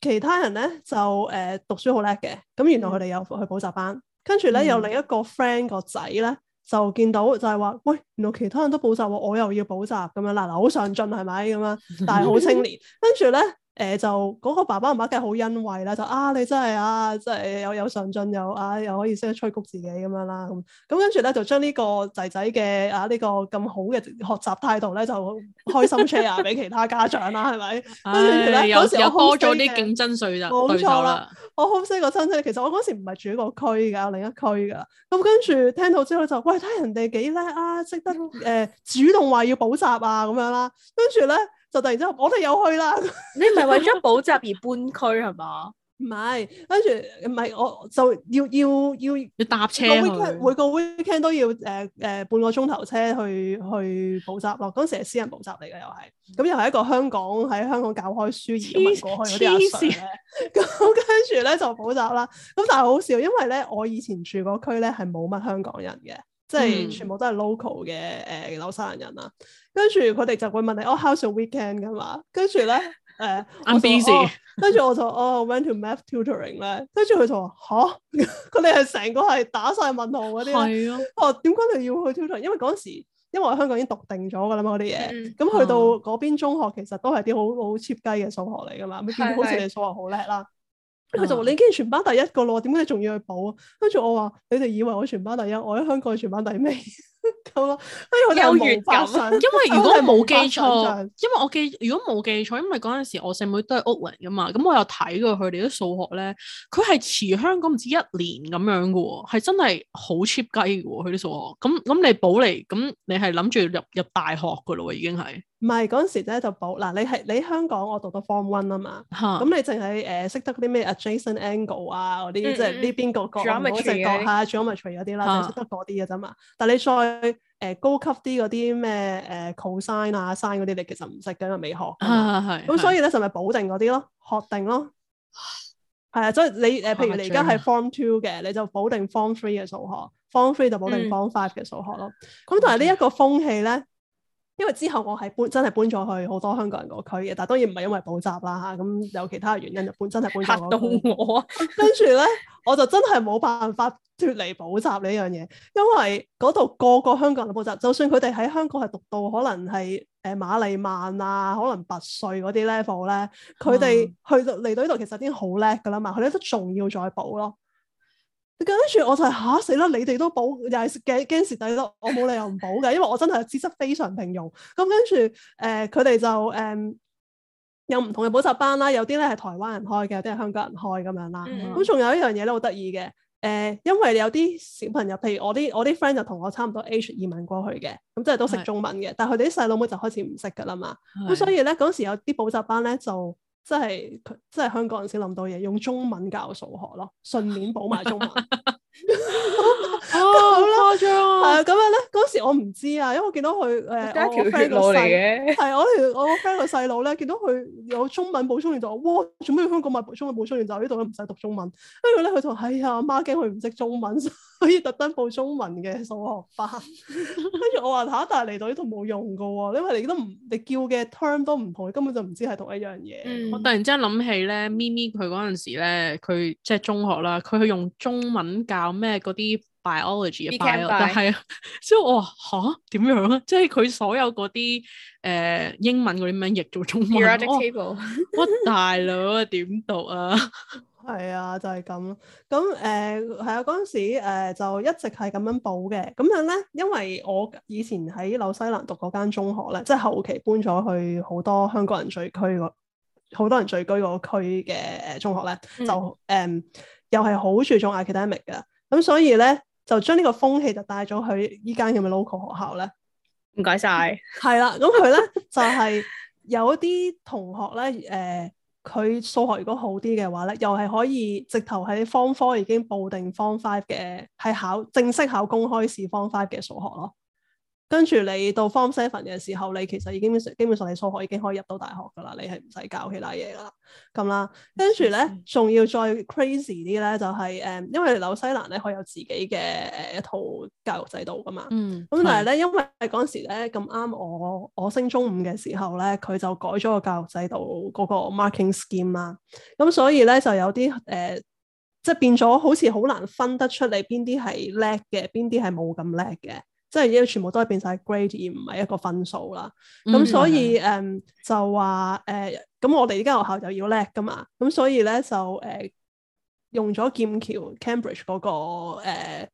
其他人咧就誒、啊、讀書好叻嘅。咁原來佢哋有去補習班，跟住咧有另一個 friend 個仔咧就見到就係話，喂，原來其他人都補習，我又要補習咁樣嗱，嗱好上進係咪咁啊？但係好青年，跟住咧。誒、欸、就嗰、那個爸爸媽媽梗係好欣慰啦，就啊你真係啊真係又有上進又啊又可以識得吹谷自己咁樣啦，咁咁跟住咧就將呢個仔仔嘅啊呢、這個咁好嘅學習態度咧就開心 share 俾其他家長啦，係咪？ (laughs) 哎、跟住嗰時我多咗啲競爭稅就冇錯啦。我好識個親戚，其實我嗰時唔係住一個區㗎，另一區㗎。咁跟住聽到之後就，喂，睇人哋幾叻啊，識得誒、呃、主動話要補習啊咁樣啦，跟住咧。突然之間，我哋又去啦！你唔係為咗補習而搬區係嘛？唔係 (laughs) 吧，跟住唔係我就要要要，要搭車。 (laughs) 每個 weekend 都要誒誒、呃呃、半個鐘頭車去去補習咯。嗰陣時係私人補習嚟嘅，又係咁又係一個香港喺香港教開書而過去嗰啲人。黐線。咁跟住咧就補習啦。咁但係好笑，因為咧我以前住嗰區咧係冇乜香港人嘅。即係全部都係 local 嘅誒紐、呃、西蘭人啦、啊，跟住佢哋就會問你，哦、 (noise) oh, how’s your weekend 噶嘛？跟住咧誒，呃 I'm busy. Oh、我就哦，跟住我就哦 went to math tutoring 咧，跟住佢就話嚇，佢哋係成個係打晒問號嗰啲人。係啊，哦點解你要去 tutoring？因為嗰陣時因為我香港已經讀定咗噶啦嘛，嗰啲嘢咁去到嗰邊中學其實都係啲好好 cheap 雞嘅數學嚟噶嘛， (noise) (noise) 你見到好似你數學好叻啦。佢就話你已經全班第一個咯，點解你仲要去補啊？跟住我話，你哋以為我全班第一，我喺香港係全班第尾。好，跟住我有原感，因為如果 (laughs) 為我冇記，記錯，因為我記如果冇記錯，因為嗰陣時我細妹都係屋嚟 e 噶嘛，咁我有睇過佢哋啲數學咧，佢係遲香港唔知一年咁樣嘅喎，係真係好 cheap 雞嘅喎，佢啲數學，咁咁你補嚟，咁你係諗住入入大學嘅咯喎，已經係唔係嗰陣時咧就補嗱，你係你香港我讀到 form one 啊嘛，咁 (laughs) 你淨係誒識得啲咩 adjacent angle 啊嗰啲，嗯、即係呢邊角角啊嗰隻角啊 geometry 嗰啲啦，就識 (laughs) 得嗰啲嘅啫嘛，但你再。誒、呃，高級啲嗰啲咩誒，cosine 啊，sine 嗰啲，你其實唔識嘅，未學。啊，係麼。咁、啊、所以咧就咪補定嗰啲咯，學定咯。係 (laughs) 啊，所以你誒、呃，譬如你而家係 form two 嘅，你就補定 form three 嘅數學、啊、，form three 就補定 form five 嘅數學咯。咁但係呢一個風氣咧。因為之後我係搬真係搬咗去好多香港人嗰區嘅，但係當然唔係因為補習啦吓，咁有其他原因就搬真係搬咗。吓到我啊！跟住咧，我就真係冇辦法脫離補習呢樣嘢，因為嗰度個個香港人補習，就算佢哋喺香港係讀到可能係誒瑪麗曼啊，可能拔萃嗰啲 level 咧，佢哋去到嚟、嗯、到呢度其實已經好叻噶啦嘛，佢哋都仲要再補咯。跟住我就係嚇死啦！你哋都補又係驚驚蝕底咯，我冇理由唔補嘅， (laughs) 因為我真係資質非常平庸。咁跟住誒佢哋就誒、呃、有唔同嘅補習班啦，有啲咧係台灣人開嘅，有啲係香港人開咁樣啦。咁仲、嗯、有一樣嘢都好得意嘅誒，因為有啲小朋友，譬如我啲我啲 friend 就同我差唔多 age 移民過去嘅，咁即係都識中文嘅，是但係佢哋啲細佬妹就開始唔識噶啦嘛。咁是所以咧嗰時有啲補習班咧就。即係，即係香港人先諗到嘢，用中文教數學咯，順便補埋中文。誇張啊！咁、哦、樣咧，嗰時我唔知啊，因為見到佢誒、呃、一我 friend 個細，係我我 friend 個細佬咧，見到佢有中文補充練習，哇！做咩香港買中文補充練習？呢度都唔使讀中文。呢跟住咧，佢就係啊，媽驚佢唔識中文，所以特登報中文嘅數學班。跟 (laughs) 住我話嚇，但係嚟到呢度冇用噶喎，因為你都唔，你叫嘅 term 都唔同，你根本就唔知係同一樣嘢。我、嗯、能突然之間諗起咧咪咪佢嗰陣時咧，佢即係中學啦，佢去用中文教咩嗰啲。biology 啊，但係，所以我嚇點樣咧？即係佢所有嗰啲誒英文嗰啲名譯做中文，我、哦、大佬啊點讀啊？係 (laughs) (laughs) 啊，就係咁咯。咁誒係啊嗰陣時、呃、就一直係咁樣補嘅。咁樣咧，因為我以前喺紐西蘭讀嗰間中學咧，即係後期搬咗去好多香港人聚居個，好多人聚居個區嘅中學咧，嗯、就誒、呃、又係好注重 academic 嘅。咁所以咧。就將呢個風氣就帶咗去呢間咁嘅 local 學校咧，唔該晒，係 (laughs) 啦，咁佢咧就係、是、有一啲同學咧，誒、呃，佢數學如果好啲嘅話咧，又係可以直頭喺方 four 已經報定方 five 嘅，係考正式考公開試方 five 嘅數學咯。跟住你到 Form Seven 嘅時候，你其實已經基本上你數學已經可以入到大學噶啦，你係唔使教其他嘢噶啦，咁啦。跟住咧，仲、嗯、要再 crazy 啲咧，就係、是、誒，因為紐西蘭咧可以有自己嘅誒一套教育制度噶嘛。嗯。咁但係咧，因為嗰時咧咁啱我我升中五嘅時候咧，佢就改咗個教育制度嗰個 marking scheme 啦、啊。咁所以咧就有啲誒、呃，即係變咗好似好難分得出你邊啲係叻嘅，邊啲係冇咁叻嘅。即係已經全部都係變晒 grade 而唔係一個分數啦。咁、嗯、所以誒的、嗯、就話誒咁我哋依間學校就要叻噶嘛。咁所以咧就誒、嗯、用咗劍橋 Cambridge 嗰、那個誒、嗯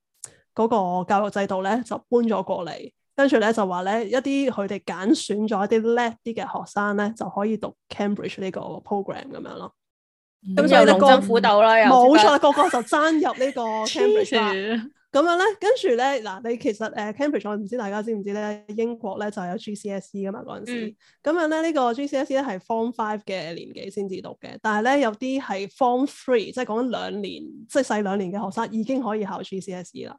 那個、教育制度咧就搬咗過嚟，跟住咧就話咧一啲佢哋揀選咗一啲叻啲嘅學生咧就可以讀 Cambridge 呢個 program 咁樣咯。咁有啲光鮮虎鬥啦，冇錯，個個就爭入呢個 Cambridge。咁樣咧，跟住咧，嗱你其實誒 Cambridge 我唔知大家知唔知咧，英國咧就有 GCSE 噶嘛嗰陣時，咁、嗯、樣咧呢、呢個 GCSE 咧係 form five 嘅年紀先至讀嘅，但係咧有啲係 form three，即係講緊兩年，即係細兩年嘅學生已經可以考 GCSE 啦，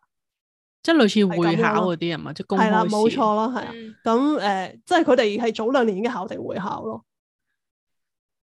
即係類似會考嗰啲係嘛？即係講係啦，冇錯啦，係啊，咁誒，即係佢哋係早兩年已經考定會考咯。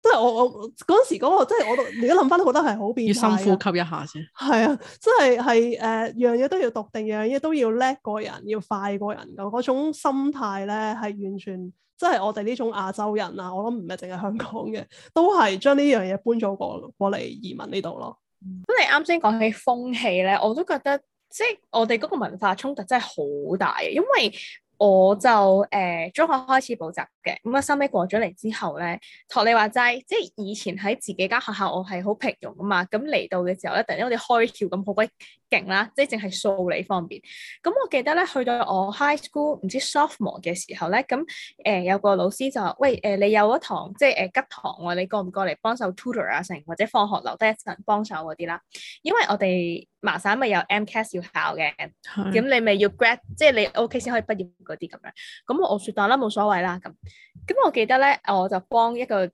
即係我我嗰陣時嗰、嗰個，即係我而家諗翻都覺得係好變態。要深呼吸一下先。係啊，真係係誒，呃、樣嘢都要篤定，樣嘢都要叻過人，要快過人咁嗰種心態咧，係完全即係我哋呢種亞洲人啊，我諗唔係淨係香港嘅，都係將呢樣嘢搬咗過過嚟移民呢度咯。咁、嗯、你啱先講起風氣咧，我都覺得即係我哋嗰個文化衝突真係好大，因為，我就誒、呃、中學開始補習嘅，咁啊收尾過咗嚟之後咧，托你話齋，即係以前喺自己間學校我係好平庸啊嘛，咁嚟到嘅時候咧，突然間好似開竅咁好鬼～勁啦，即係淨係數理方面。咁我記得咧，去到我 high school 唔知 sophomore 嘅時候咧，咁誒、呃、有個老師就話：喂誒、呃，你有一堂即係誒、呃、吉堂喎、啊，你過唔過嚟幫手 tutor 啊？成，或者放學留低一陣幫手嗰啲啦。因為我哋麻省咪有 MCAS 要考嘅，咁是你咪要 grad 即係你 OK 先可以畢業嗰啲咁樣。咁我説到啦，冇所謂啦咁。咁我記得咧，我就幫一個誒、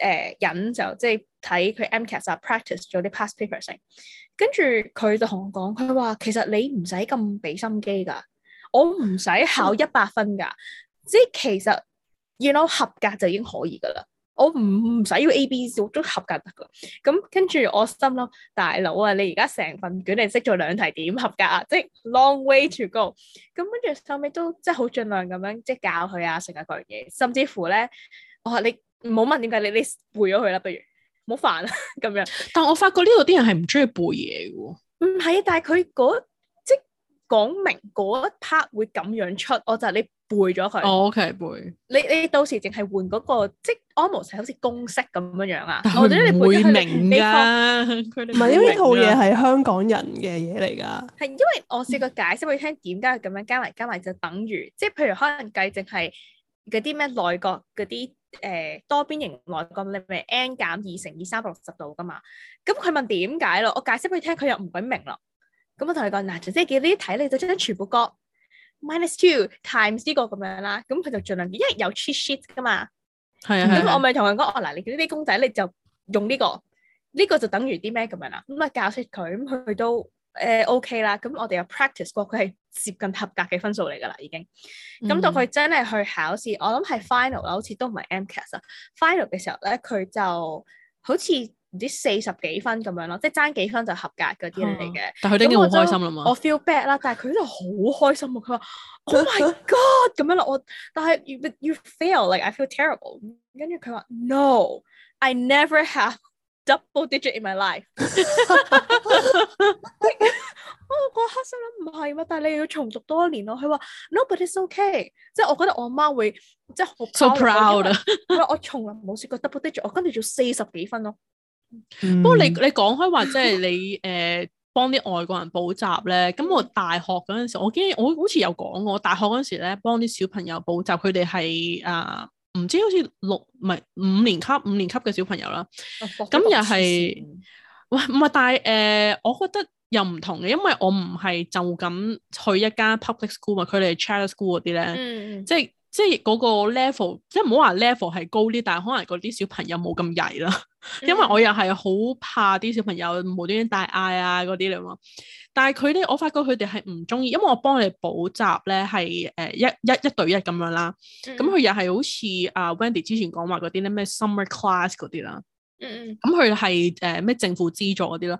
呃、人就即係。睇佢 MCAT 啊，practice 做啲 past paper 成，跟住佢就同我講，佢話，其實你唔使咁俾心機噶，我唔使考一百分噶，即係其實 you know, 合格就已經可以噶啦，我唔唔使要 A B C，都合格得噶。咁跟住我心諗，大佬啊，你而家成份卷你識做兩題，點合格啊？即係 long way to go。咁跟住收尾都即係好盡量咁樣即係教佢啊，成啊各樣嘢，甚至乎咧，我話你唔好問點解，你你，你，你背咗佢啦，不如。唔好煩啊！咁樣，但我發覺呢度啲人係唔中意背嘢嘅。唔係，但係佢即係講明嗰一 part 會咁樣出，我就係你背咗佢。我其實背你，你到時淨係換嗰個，即係 almost 好似公式咁樣樣啊。但係你背會明噶，唔係因為套嘢係香港人嘅嘢嚟噶。係因為我試過解釋俾你聽，點解佢咁樣加埋加埋就等於，即係譬如可能計淨係嗰啲咩內閣嗰啲。誒、呃、多邊形內角力咪 n 減二乘以三百六十度噶嘛，咁佢問點解咯。我解釋俾佢聽，佢又唔鬼明咯。咁我同佢講嗱，即係叫呢啲睇咧，就將全部角 minus two times 呢個咁樣啦。咁佢就盡量，因為有 cheat sheet 噶嘛。係啊，咁我咪同佢講，嗱，你叫呢啲公仔，你就用呢、呢個，呢、呢個就等於啲咩咁樣啦。咁咪教識佢，咁佢都。誒，OK 啦，咁我哋有 practice 過，佢係接近合格嘅分數嚟㗎啦，已經。咁到佢真係去考試，我諗係 final 啦，好似都唔係 MCAS 啊。Final 嘅時候咧，佢就好似唔知四十幾分咁樣咯，即係爭幾分就合格嗰啲嚟嘅。但佢都已經好開心啦嘛，我 feel bad 啦，但係佢真係好開心喎。佢話：Oh my god！咁樣啦，我但係 you you fail，like I feel terrible。跟住佢話：No，I never have double digit in my life。重讀多一年咯，佢話 nobody's okay，即係、就是、我覺得我媽會即係好 proud 啊！我從來冇試過 double digit，我跟住做四十幾分咯。Mm. 不過你你講開話即係你誒、呃、幫啲外國人補習咧，咁我大學嗰陣時，我驚我好似有講過，大學嗰陣時咧幫啲小朋友補習，佢哋係啊唔知好似六唔係五年級五年級嘅小朋友啦，咁又係哇唔係，但係誒、呃、我覺得。又唔同嘅，因為我唔係就咁去一間 public school 啊，佢哋 child school 嗰啲咧，即係即係嗰個 level，即係唔好話 level 係高啲，但係可能嗰啲小朋友冇咁曳啦。嗯、因為我又係好怕啲小朋友無端端大嗌啊嗰啲嚟嘛。但係佢啲，我發覺佢哋係唔中意，因為我幫佢哋補習咧係誒一一一對一咁樣、嗯、啦。咁佢又係好似阿 Wendy 之前講話嗰啲咧咩 summer class 嗰啲啦。嗯，咁佢係誒咩政府資助嗰啲啦，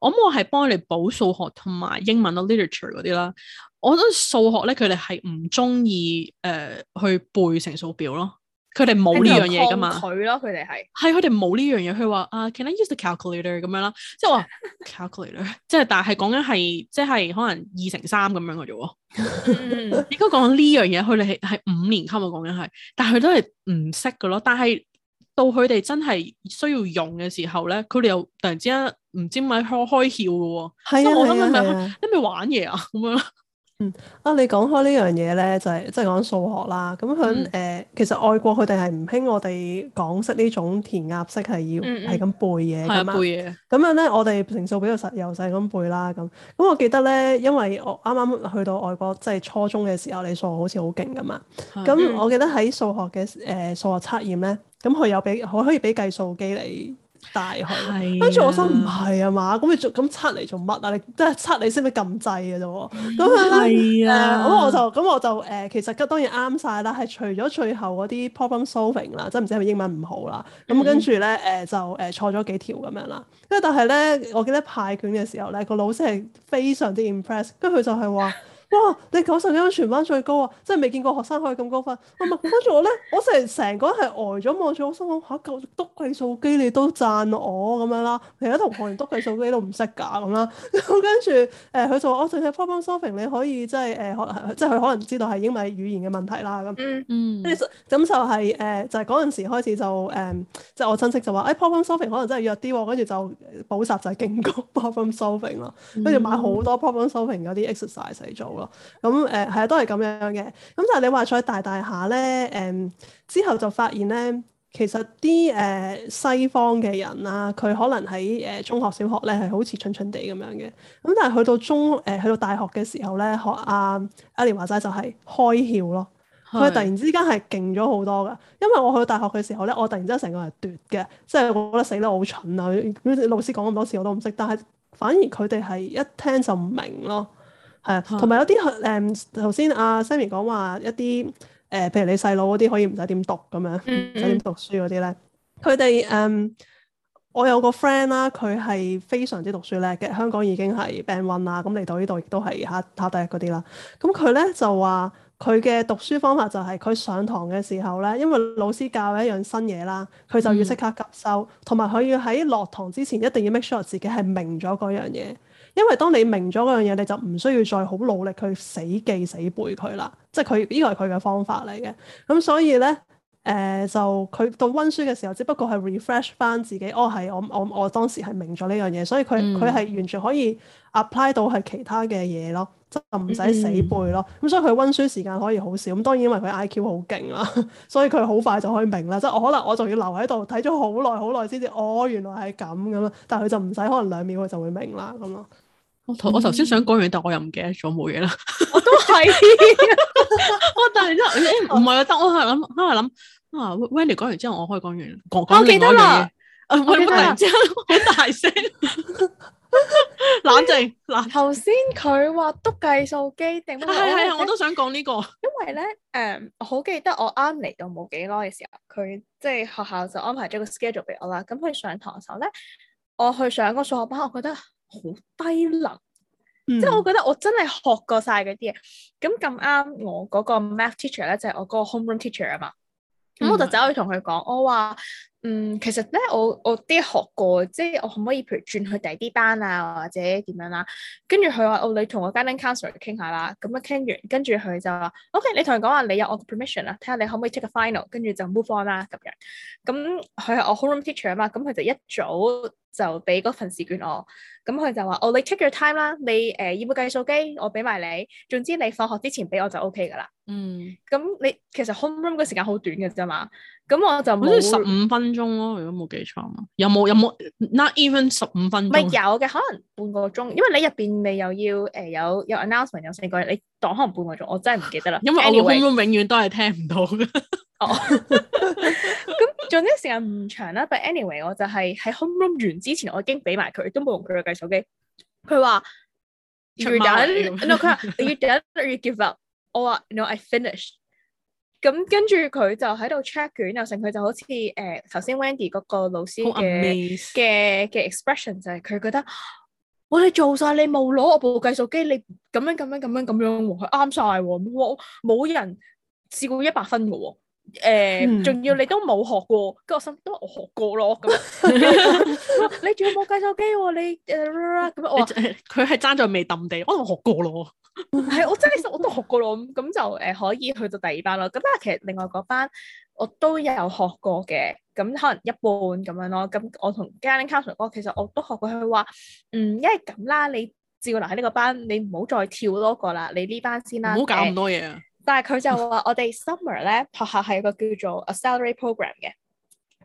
咁我係幫你哋補數學同埋英文咯，literature 嗰啲啦。我覺得數學咧，佢哋係唔中意誒去背乘數表咯，佢哋冇呢樣嘢噶嘛。抗拒咯，佢哋係係佢哋冇呢樣嘢，佢話啊，can I use the calculator 咁樣啦，即係話 calculator，即係但係講緊係即係可能二乘三咁樣嘅啫。 (laughs) 嗯，應該講緊呢樣嘢，佢哋係係五年級啊，講緊係，但係佢都係唔識嘅咯，但係。到佢哋真係需要用嘅時候咧，佢哋又突然之間唔知點解開開竅嘅喎，咁、啊、我心諗咪你咪、啊啊、玩嘢啊咁樣。 (laughs) 嗯，啊，你講開呢樣嘢咧，就係即係講數學啦。咁響誒，嗯嗯、其實外國佢哋係唔興我哋港式呢種填鴨式係要係咁、嗯嗯、背嘢噶嘛。係、嗯嗎啊、背嘢。咁樣咧，我哋成數比較實，由細咁背啦。咁，咁我記得咧，因為我啱啱去到外國即係初中嘅時候，你數學好似好勁噶嘛。咁我記得喺數學嘅誒數學測驗咧，咁佢有俾可可以俾計數機你。嗯嗯大佢，啊、跟住我心唔係啊嘛，咁你做咁測嚟做乜啊？你即係測你識唔識撳掣嘅啫喎，咁樣咧，咁、嗯、我就咁我就誒、呃，其實當然啱晒啦，係除咗最後嗰啲 problem solving 啦，即係唔知係咪英文唔好啦，咁跟住咧誒就誒、呃、錯咗幾條咁樣啦，跟住但係咧，我記得派卷嘅時候咧，個老師係非常之 impress，跟住佢就係話。哇！你九十九分全班最高啊，真係未見過學生可以咁高分。唔係，跟住我咧，我成成個人係呆咗望住，我心諗吓，夠篤計數機你都讚我咁樣啦。其他同學連篤計數機都唔識㗎咁啦。 (laughs) 跟住誒，佢、呃、就話我淨係 problem solving，你可以、呃、即係誒，可能即係佢可能知道係英文語言嘅問題啦咁。嗯嗯。咁就係、是、誒、呃，就係嗰陣時開始就誒，即、嗯、係、就是、我親戚就話誒、哎、problem solving 可能真係弱啲，跟住就補習就係勁高 problem solving 咯。跟住買好多 problem solving 嗰啲 exercise 嚟做。嗯咁誒係啊，都係咁樣嘅。咁、嗯、但係你話在大大下咧，誒、嗯、之後就發現咧，其實啲誒、呃、西方嘅人啊，佢可能喺誒、呃、中學、小學咧係好似蠢蠢地咁樣嘅。咁、嗯、但係去到中誒、呃、去到大學嘅時候咧，學、啊、阿阿連華仔就係開竅咯。佢是突然之間係勁咗好多噶。因為我去到大學嘅時候咧，我突然之間成個人奪嘅，即、就、係、是、我覺得死得好蠢啊！老師講咁多次我都唔識，但係反而佢哋係一聽就唔明咯。誒，同埋、uh, 有啲誒，頭先阿 Sammy 講話一啲誒、呃，譬如你細佬嗰啲可以唔使點讀咁樣，唔使點讀書嗰啲咧，佢哋誒，我有個 friend 啦，佢係非常之讀書叻嘅，香港已經係 Band 1啦，咁嚟到呢度亦都係嚇嚇第一嗰啲啦。咁佢咧就話佢嘅讀書方法就係佢上堂嘅時候咧，因為老師教一樣新嘢啦，佢就要即刻吸收，同埋佢要喺落堂之前一定要 make sure 自己係明咗嗰樣嘢。因為當你明咗嗰樣嘢，你就唔需要再好努力去死記死背佢啦。即係佢呢個係佢嘅方法嚟嘅。咁所以咧，誒、呃、就佢到溫書嘅時候，只不過係 refresh 翻自己。哦，係我我我當時係明咗呢樣嘢，所以佢佢係完全可以 apply 到係其他嘅嘢咯，就唔使死背咯。咁、嗯、所以佢溫書時間可以好少。咁當然因為佢 IQ 好勁啦，所以佢好快就可以明啦。即係我可能我仲要留喺度睇咗好耐好耐先至，哦，原來係咁咁咯。但係佢就唔使可能兩秒佢就會明啦咁咯。我頭我頭先想講完，但我又唔記得咗，冇嘢啦。我都係， (laughs) 我突然之間，唔係啊，得我喺度諗，喺度諗啊。Winnie 嚟講完之後，我可以講完，講講另外我記得啦，得啊，我有冇聽？好大聲， (laughs) 冷靜嗱。頭先佢話篤計數機，定乜？係係啊，我都想講呢個。因為咧，誒，好記得我啱嚟到冇幾耐嘅時候，佢即係學校就安排咗個 schedule 俾我啦。咁佢上堂嘅時候咧，我去上個數學班，我覺得，好低能，嗯、即係我覺得我真係學過晒嗰啲嘢，咁咁啱我嗰個、就係、個 math teacher 咧就係我嗰個 homeroom teacher 啊嘛，咁、嗯、我就走去同佢講，我話。嗯，其實咧，我我啲學過，即係我可唔可以譬如轉去第二啲班啊，或者點樣啦、啊？哦、跟住佢話：我你同我家丁 counselor 傾下啦。咁一傾完，OK，跟住佢就話：O K，你同佢講話你有我嘅 permission 啦，睇下你可唔可以 take a final，跟住就 move on 啦咁樣。咁佢係我 home room teacher 啊嘛，咁佢就一早就俾嗰份試卷我。咁佢就話：哦，你 take your time 啦，你誒要唔要計數機？我俾埋你。總之你放學之前俾我就 O K 噶啦。嗯。咁、嗯、你、嗯嗯嗯、其實 home room 嘅時間好短嘅啫嘛。嗯嗯咁我就好似十五分鐘咯，如果冇記錯嘛？有冇有冇？Not even 十五分鐘。咪有嘅，有有可能半個鐘。因為你入邊你又要誒有、呃、有 announcement 有四個人，你當可能半個鐘。我真係唔記得啦。因為我 room anyway, 永遠都係聽唔到嘅。哦，咁總之時間唔長啦。But anyway，我就係喺 h o m e r o o m 完之前，我已經俾埋佢，都冇用佢嘅計手機。佢話除 o u don't k n o 佢。」 (laughs) no, You don't. give up. Or no, I finished. 咁、嗯、跟住佢就喺度 check 卷，又成佢就好似誒頭、呃、先 Wendy 嗰個老師嘅嘅嘅 expression 就係、是、佢覺得我哋做晒，你冇攞我部計數機，你咁樣咁樣咁樣，咁樣佢啱晒，冇人試過一百分嘅喎。誒，仲、呃嗯、要你都冇學過，跟我心，都話我學過咯。咁你仲有冇計手機喎？你咁我話佢係爭在未抌地，我同學過咯。係 (laughs) 我真係我都學過咯，咁就誒、呃、可以去到第二班咯。咁但係其實另外嗰班我都一有學過嘅，咁可能一半咁樣咯。咁我同 Gathering Council，我其實我都學過佢話，嗯，因為咁啦，你照留喺呢個班，你唔好再跳多個啦，你呢班先啦。唔好、嗯、搞咁多嘢啊！但係佢就話：我哋 summer 咧，學校係一個叫做 accelerate program 嘅，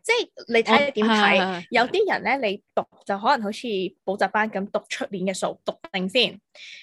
即係你睇下點睇。Oh, yeah, yeah, yeah. 有啲人咧，你讀就可能好似補習班咁讀出年嘅數讀定先。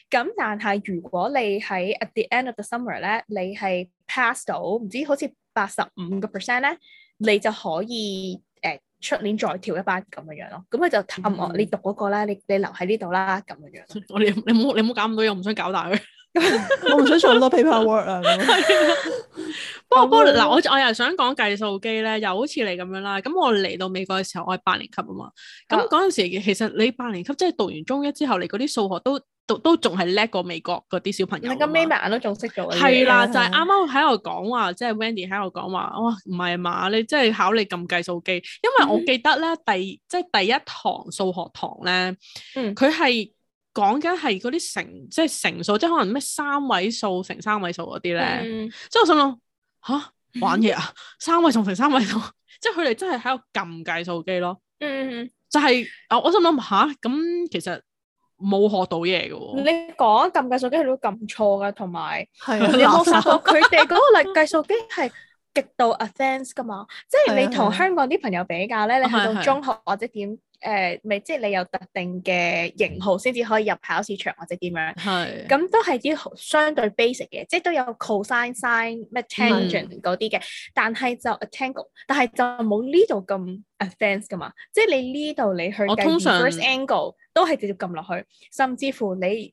咁但係如果你喺 at the end of the summer 咧，你係 pass 到唔知好似八十五個 percent 咧，你就可以誒出、呃、年再跳一班咁樣樣咯。咁佢就探我你讀嗰個咧，你你留喺呢度啦咁樣樣。我哋：「你冇你冇搞咁多嘢，我唔想搞大佢。 (laughs) 我唔想做咁多 paperwork 啊！係啊 (laughs) 了， (laughs) 不過嗱，我我又想講計數機咧，又好似你咁樣啦。咁我嚟到美國嘅時候，我係八年級啊嘛。咁嗰陣時其實你八年級即係、就是、讀完中一之後，你嗰啲數學都讀都仲係叻過美國嗰啲小朋友。你個眯埋眼都仲識咗。係啦，就係啱啱喺度講話，即係 Wendy 喺度講話，哇，唔係嘛？你即係考你咁計數機，因為我記得咧第即係、嗯、第一堂數學堂咧，佢係。講緊係嗰啲乘，即係乘數，即係可能咩三位數乘三位數嗰啲咧，即係我想諗吓玩嘢啊，三位數乘三位數，即係佢哋真係喺度撳計數機咯。嗯嗯嗯，就係我，我想諗吓，咁其實冇學到嘢噶。你講撳計數機，你都撳錯噶，同埋你學識學佢哋嗰個例計數機係。極度 advanced 㗎嘛，即係你同香港啲朋友比較咧，啊、你去到中學、啊、或者點誒，咪即係你有特定嘅型號先至可以入考試場或者點樣，咁是都係啲相對 basic 嘅，即係都有 cosine、sine 咩 tangent 嗰啲嘅，但係就 tangle，但係就冇呢度咁 advanced 㗎嘛，即係你呢度你去計 inverse angle 都係直接撳落去，甚至乎你。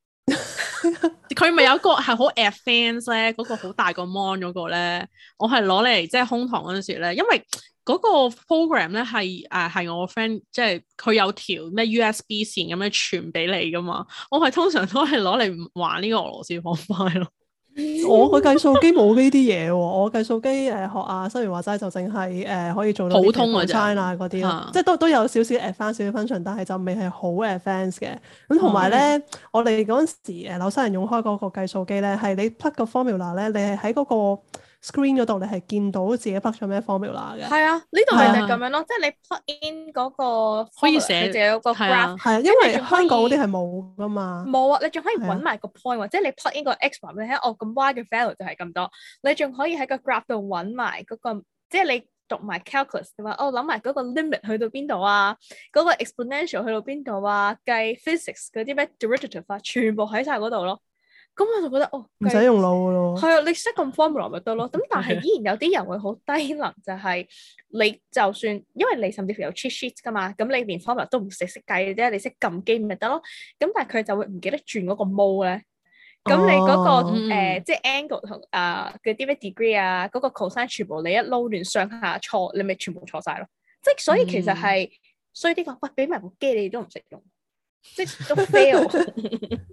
佢咪 (laughs) 有一個係好 advanced 咧，嗰、嗰個好大個 mon 嗰個咧，我係攞嚟即係空堂嗰陣時咧，因為嗰個 program 咧係誒係我 friend 即係佢有條咩 USB 線咁樣傳俾你噶嘛，我係通常都係攞嚟玩呢個俄羅斯方塊咯。 (laughs) (laughs) 我個計數機冇呢啲嘢喎，我計數機誒學啊，西元話齋就淨係誒可以做到，啊、普通嘅 China 嗰隻啦，些嗯、即係都都有少少 f 誒翻少少 function，但係就未係好誒 advance 嘅。咁同埋咧，嗯、我哋嗰陣時誒紐西蘭用開嗰個計數機咧，係你 put 個 formula 咧，你係喺嗰個。screen 嗰度你係見到自己 put 咗咩 formula 嘅？係啊，呢度係就咁樣咯，啊、即係你 put in 嗰個可以寫就有個 graph。啊，因為香港嗰啲係冇噶嘛。冇啊，你仲可以揾埋個 point 或者你 put in 個 x 話俾你聽，哦咁 y 嘅 value 就係咁多。你仲可以喺個 graph 度揾埋嗰個，即係你讀埋 calculus，你話哦諗埋嗰個 limit 去到邊度啊，嗰、嗰個 exponential 去到邊度啊，計 physics 嗰啲咩 derivative、啊、全部喺晒嗰度咯。咁我就覺得哦，唔使用腦咯，係啊，你識咁 formula 咪得咯。咁但係依然有啲人會好低能，就係你就算，因為你甚至乎有 cheat sheet 噶嘛，咁你連 formula 都唔識識計啫，你識撳機咪得咯。咁但係佢就會唔記得轉嗰個 mode 咧。咁你嗰個誒即係 angle 同啊嘅啲咩 degree 啊，嗰個 cosine 全部你一撈亂上下錯，你咪全部錯晒咯。即係所以其實係衰啲講，喂俾埋部機你都唔識用，即係都 fail。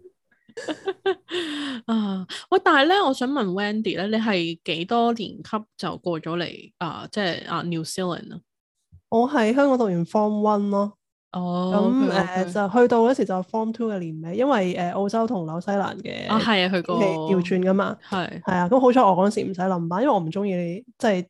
(laughs) 啊喂，但係咧，我想問 Wendy 咧，你係幾多年級就過咗嚟啊？即係啊，New Zealand 啊，我喺香港讀完 Form One 咯。哦、oh, okay , okay. 嗯，咁誒就去到嗰時就 Form Two 嘅年尾，因為誒、呃、澳洲同紐西蘭嘅，係啊去、啊嗰個調轉噶嘛，係係啊，咁、啊、好彩我嗰時唔使淋班，因為我唔中意你即係。就是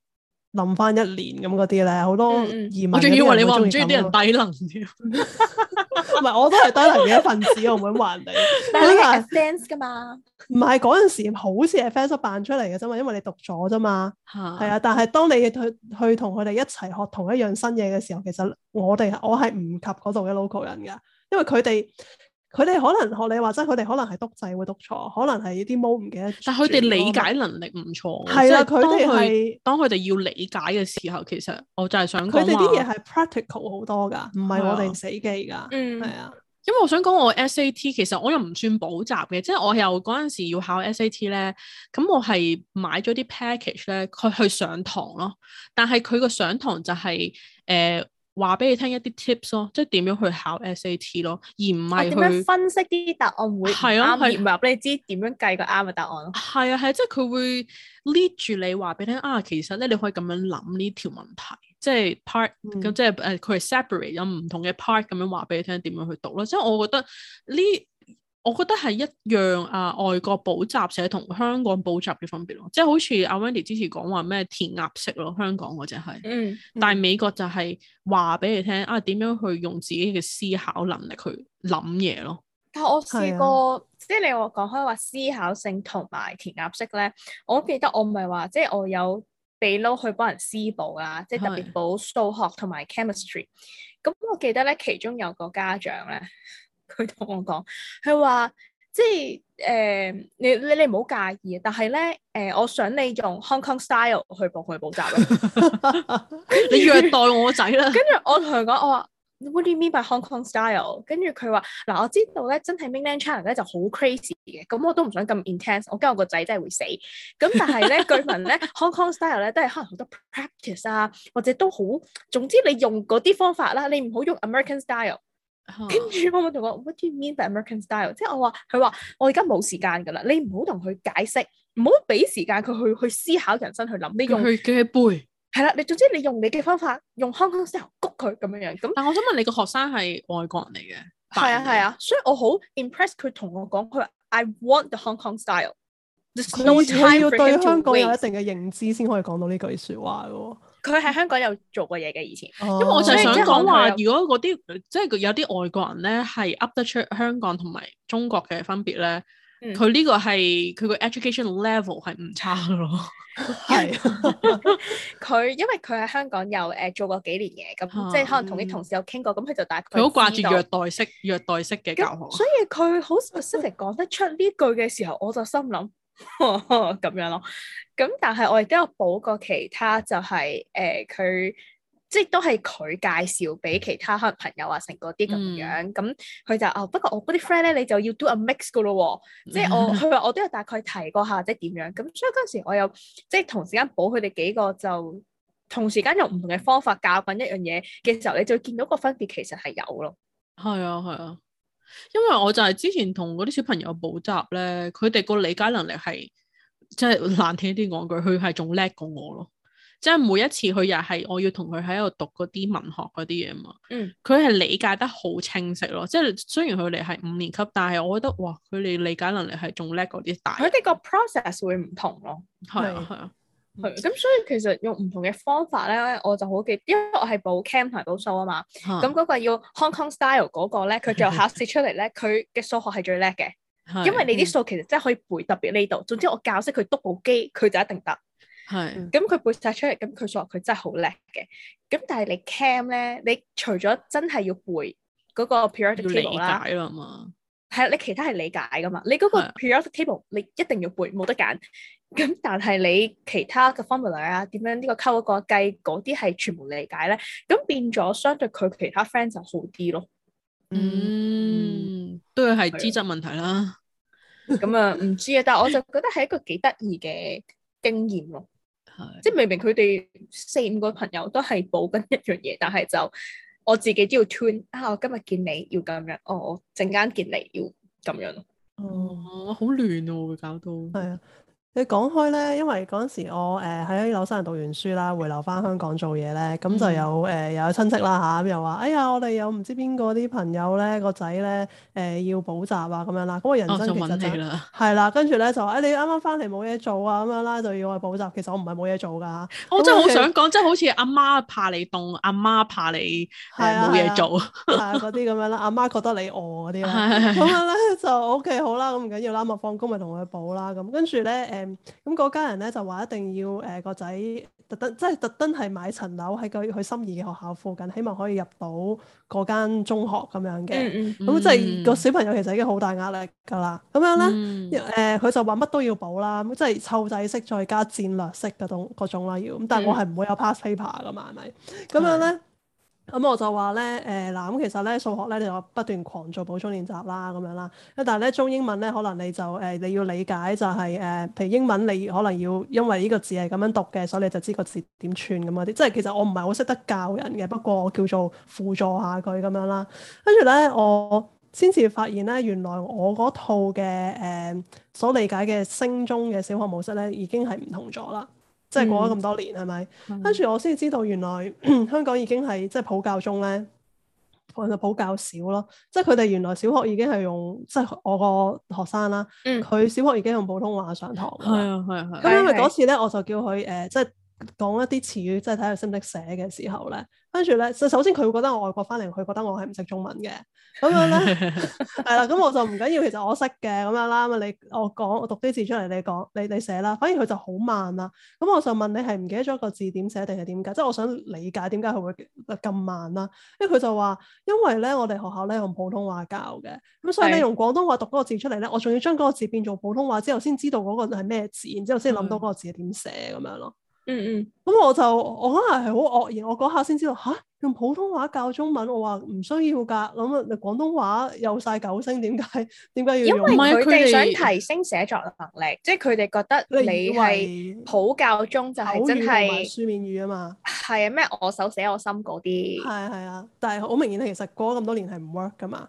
諗翻一年咁嗰啲咧，好多移民，我仲以為你話唔中意啲人低能添，唔係，我都係低能嘅一份子， (laughs) 我唔會話你， (laughs) (laughs) 但你話 fans 噶嘛？唔係嗰陣時好似係 fans 扮出嚟嘅啫嘛，因為你讀咗啫嘛，係啊，啊。但係當你去去同佢哋一齊學同一樣新嘢嘅時候，其實我哋我係唔及嗰度嘅 local 人噶，因為佢哋。佢哋可能學你話齋，佢哋可能係篤仔會篤錯，可能係啲毛唔記得。但佢哋理解能力唔錯。係啦的，佢哋係。當佢哋要理解嘅時候，其實我就係想講，佢哋啲嘢係 practical 好多㗎，唔係的我哋死記㗎。嗯，係啊的。因為我想講我 SAT 其實我又唔算補習嘅，即係我又嗰陣時要考 SAT 咧，咁我係買咗啲 package 咧，佢去上堂咯。但係佢個上堂就係、是、誒。呃話俾你聽一啲 tips 咯，即係點樣去考 SAT 咯，而唔係點樣、啊、分析啲答案會啱唔啱入。話俾你知點樣計個啱嘅答案。係啊係、啊啊啊，即係佢會 lead 住你話俾你聽啊，其實咧你可以咁樣諗呢條問題，即係 part 咁、嗯、即係誒佢係 separate 有唔同嘅 part 咁樣話俾你聽點樣去讀咯。即係我覺得呢。我覺得係一樣啊，外國補習社同香港補習嘅分別咯，即係好似阿 Wendy 之前講話咩填鴨式咯，香港嗰隻係，嗯、但係美國就係話俾你聽啊，點樣去用自己嘅思考能力去諗嘢咯。但係我試過，啊、即係你我講開話思考性同埋填鴨式咧，我記得我唔係話即係我有俾撈去幫人私補啊，即係特別補數學同埋 chemistry 是。咁我記得咧，其中有個家長咧。佢同我講，佢話即係誒你你你唔好介意，但係咧誒，我想你用 Hong Kong style 去幫佢補習。你虐待我個仔啦！跟住我同佢講，我話 What do you mean by Hong Kong style？跟住佢話嗱，我知道咧，真係 Mainland China 咧就好 crazy 嘅，咁我都唔想咁 intense，我驚我個仔真係會死。咁但係咧，據聞咧 Hong Kong style 咧都係可能好多 practice 啊，或者都好，總之你用嗰啲方法啦，你唔好用 American style。跟住我咪同我 what do you mean by American style？即係、就是、我話佢話我而家冇時間噶啦，你唔好同佢解釋，唔好俾時間佢去去思考人生去諗。你用佢嘅佢背，係啦。你總之你用你嘅方法，用香港 style 谷佢咁樣樣。咁但係我想問你個學生係外國人嚟嘅，係啊係啊。所以我好 impress 佢同我講佢，I want the Hong Kong style。佢要對香港有一定嘅認知先可以講到呢句説話喎。佢喺香港有做過嘢嘅以前，哦、因為我就想講話，如果嗰啲即係有啲外國人咧，係噏得出香港同埋中國嘅分別咧，佢呢、嗯、個係佢個 education level 係唔差咯。係，佢因為佢喺香港有誒、呃、做過幾年嘢，咁、嗯、即係可能同啲同事有傾過，咁佢就大概。佢好掛住虐待式、虐待式嘅教學。所以佢好 specific 講得出呢句嘅時候， (laughs) 我就心諗。咁、哦、樣咯，咁但係我亦都有補過其他，就係誒佢即係都係佢介紹俾其他可能朋友啊，成嗰啲咁樣，咁佢就啊、哦，不過我嗰啲 friend 咧，你就要 do a mix 噶咯，即係、嗯、我佢話我都有大概提過下，即係點樣，咁、嗯嗯、所以嗰陣時我又即係同時間補佢哋幾個，就同時間用唔同嘅方法教緊一樣嘢嘅時候，你就見到個分別其實係有咯，係啊，係啊。因為我就係之前同嗰啲小朋友補習咧，佢哋個理解能力係即係難聽啲講句，佢係仲叻過我咯。即係每一次佢又係我要同佢喺度讀嗰啲文學嗰啲嘢嘛，佢係、嗯、理解得好清晰咯。即係雖然佢哋係五年級，但係我覺得哇，佢哋理解能力係仲叻過啲大。佢哋個 process 會唔同咯，係啊係啊。咁所以其實用唔同嘅方法咧，我就好記，因為我係補 cam 同埋補數啊嘛。咁嗰的個要 Hong Kong style 嗰個咧，佢就考試出嚟咧，佢嘅 (laughs) 數學係最叻嘅，的因為你啲數其實真係可以背，特別呢度。總之我教識佢篤部機，佢就一定得。係的。咁佢背晒出嚟，咁佢數學佢真係好叻嘅。咁但係你 cam 咧，你除咗真係要背嗰個 periodic table 啦，要理解啦嘛。係啊，你其他係理解噶嘛？你嗰個 periodic table 的你一定要背，冇得揀。咁但係你其他嘅 formula 啊，點樣呢個溝嗰個計嗰啲係全部理解咧？咁變咗相對佢其他 friend 就好啲咯。嗯，嗯都係係資質問題啦。咁啊，唔知啊，但係我就覺得係一個幾得意嘅經驗咯。係的，即係明明佢哋四五個朋友都係保緊一樣嘢，但係就我自己都要 turn 啊，我今日見你要咁樣，哦，我陣間見你要咁樣咯。哦，好亂啊，會搞到。係啊。你講開咧，因為嗰陣時我誒喺紐西蘭讀完書啦，回流翻香港做嘢咧，咁就有誒有親戚啦嚇，咁又話：哎呀，我哋有唔知邊個啲朋友咧個仔咧誒要補習啊咁樣啦。咁我人生就問你啦，係啦，跟住咧就誒你啱啱翻嚟冇嘢做啊咁樣啦，就要我補習。其實我唔係冇嘢做㗎，我真係好想講，即係好似阿媽怕你凍，阿媽怕你係冇嘢做，嗰啲咁樣啦。阿媽覺得你餓嗰啲，咁樣咧就 O K 好啦，咁唔緊要啦，咪放工咪同佢補啦。咁跟住咧誒。咁嗰家人咧就話一定要誒個仔特登，即係特登係買層樓喺佢佢心儀嘅學校附近，希望可以入到嗰間中學咁樣嘅。咁、嗯嗯、即係個、嗯、小朋友其實已經好大壓力噶啦。咁樣咧誒，佢就話乜都要補啦，咁即係湊仔式再加戰略式嘅東嗰種啦，要。咁但係我係唔會有 pass paper 噶嘛，係咪，嗯？咁的樣咧。咁、嗯、我就話咧，誒、呃、嗱，咁其實咧數學咧你就不斷狂做補充練習啦，咁樣啦。咁但係咧中英文咧可能你就誒、呃、你要理解就係、是、誒、呃，譬如英文你可能要因為呢個字係咁樣讀嘅，所以你就知個字點串咁嗰啲。即係其實我唔係好識得教人嘅，不過我叫做輔助下佢咁樣啦。跟住咧我先至發現咧，原來我嗰套嘅誒、呃、所理解嘅升中嘅小學模式咧，已經係唔同咗啦。即係過咗咁多年係咪？跟住、嗯、我先知道原來 (coughs) 香港已經係即係普教中咧，我就普教少咯。即係佢哋原來小學已經係用即係我個學生啦，佢、嗯、小學已經用普通話上堂。係啊係啊係。咁、啊、因為嗰次咧，啊啊啊、我就叫佢誒、呃、即係。講一啲詞語，即係睇下識唔識寫嘅時候咧，跟住咧，就首先佢會覺得我外國翻嚟，佢覺得我係唔識中文嘅，咁樣咧，係啦， (laughs) (laughs) 咁我就唔緊要，其實我識嘅咁樣啦，咁你我講，我讀啲字出嚟，你講，你你寫啦，反而佢就好慢啦，咁我就問你係唔記得咗個字點寫定係點解？即係我想理解點解佢會咁慢啦，因為佢就話，因為咧我哋學校咧用普通話教嘅，咁所以你用廣東話讀嗰個字出嚟咧，的我仲要將嗰個字變做普通話之後，先知道嗰個係咩字，然之後先諗到嗰個字係點、嗯、寫咁樣咯。嗯嗯，咁我就我可能係好愕然，我嗰下先知道吓、啊，用普通話教中文，我話唔需要噶，咁啊你廣東話有晒九聲，點解點解要用？因為佢哋想提升寫作能力，即係佢哋覺得你係普教中就係真係書面語啊嘛，係啊咩我手寫我心嗰啲，係啊係啊，但係好明顯其實過咁多年係唔 work 噶嘛。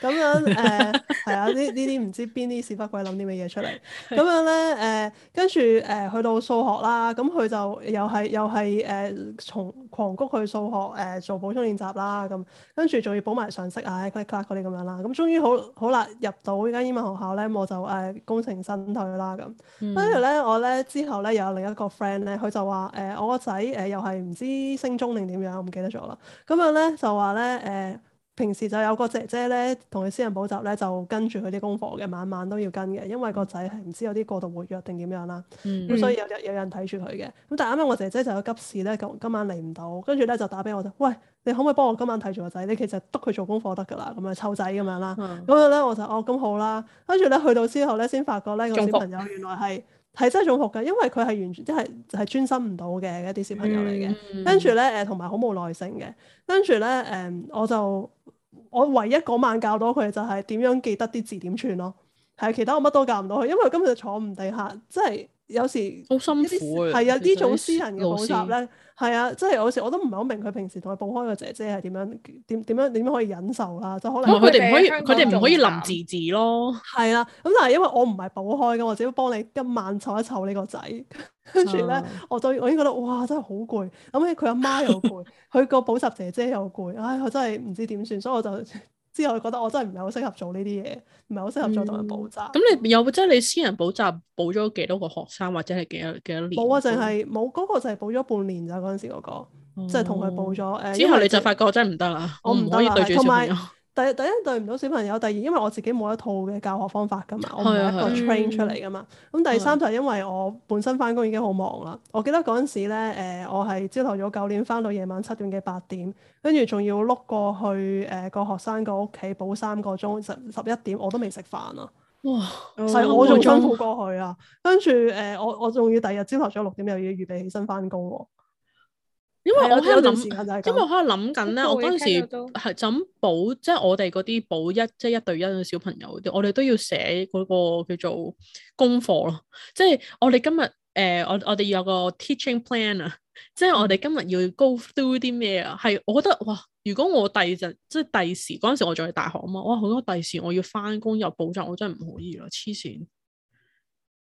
咁樣誒係啊，呃、 (laughs) 呢呢啲唔知邊啲屎忽鬼諗啲咩嘢出嚟？咁樣咧誒，跟住誒去到數學啦，咁、嗯、佢就又係又係誒、呃、從狂谷去數學誒、呃、做補充練習啦，咁、嗯、跟住仲要補埋常識啊，嗰啲嗰啲咁樣啦。咁終於好好難入到呢間英文學校咧，我就誒功成身退啦咁。跟住咧，我咧、嗯、之後咧又有另一個 friend 咧，佢就話誒、呃、我個仔誒又係唔知升中定點樣，我唔記得咗啦。咁樣咧就話咧誒。呃呃嗯嗯平時就有個姐姐咧，同佢私人補習咧，就跟住佢啲功課嘅，晚晚都要跟嘅，因為個仔係唔知有啲過度活躍定點樣啦。咁、嗯、所以有日有人睇住佢嘅，咁但係啱啱我姐姐就有急事咧，今今晚嚟唔到，跟住咧就打俾我，就，喂，你可唔可以幫我今晚睇住個仔？你其實督佢做功課得㗎啦，咁啊湊仔咁樣啦。咁樣咧、嗯，我就哦咁好啦，跟住咧去到之後咧，先發覺咧個小朋友原來係。係真係種學嘅，因為佢係完全即係係專心唔到嘅一啲小朋友嚟嘅，嗯呃，跟住咧誒同埋好冇耐性嘅，跟住咧誒我就我唯一嗰晚教到佢就係點樣記得啲字點串咯，係其他我乜都教唔到佢，因為佢根本就坐唔地下，即係。有時好辛苦嘅，係啊，呢實種私人嘅補習咧，係師啊，即係有時我都唔係好明佢平時同佢補開嘅姐姐係點樣，點點樣點樣，樣可以忍受啦，啊，就可能佢哋佢哋唔可以臨時治咯，係啊，咁但係因為我唔係補開嘅，我只係幫你今晚湊一湊你個仔，跟住咧，啊，我就我已經覺得哇，真係好攰，咁咧佢阿媽又攰，佢個 (laughs) 補習姐姐又攰，唉，我真係唔知點算，所以我就，就。之後覺得我真係唔係好適合做呢啲嘢，唔係好適合做同人補習。咁、嗯、你有即係、就是、你私人補習補咗幾多個學生，或者係幾多幾多年？冇啊，就係冇嗰個就係補咗半年咋，嗰陣時嗰個，即係同佢補咗。呃、之後、就是、你就發覺真係唔得啦，我唔可以對住小朋友有 (laughs) 第第一對唔到小朋友，第二因為我自己冇一套嘅教學方法噶嘛，我冇一個 train 出嚟噶嘛。咁 (noise) 第三就係因為我本身翻工已經好忙啦。 (noise) 我記得嗰陣時咧，誒、呃、我係朝頭早九點翻到夜晚七點幾八點，跟住仲要碌過去誒個、呃、學生個屋企補三個鐘十十一點，我都未食飯啊！哇，係、 (noise) 呃、 (noise) 我仲辛苦過去啊！跟住誒我我仲要第二日朝頭早六點又要預備起身翻工喎。因為我喺度諗，對因為我喺度諗緊咧。我嗰陣時係就補，即係我哋嗰啲補一，即、就、係、是、一對一嘅小朋友啲，我哋都要寫嗰、那個叫做功課咯。即、就、係、是、我哋今日誒、呃，我我哋要有個 teaching plan 啊，即、就、係、是、我哋今日要 go through 啲咩啊？係我覺得哇，如果我第二日即係第時嗰陣時，時我仲喺大學啊嘛，哇！好多第時我要翻工又補習，我真係唔可以啦，黐線。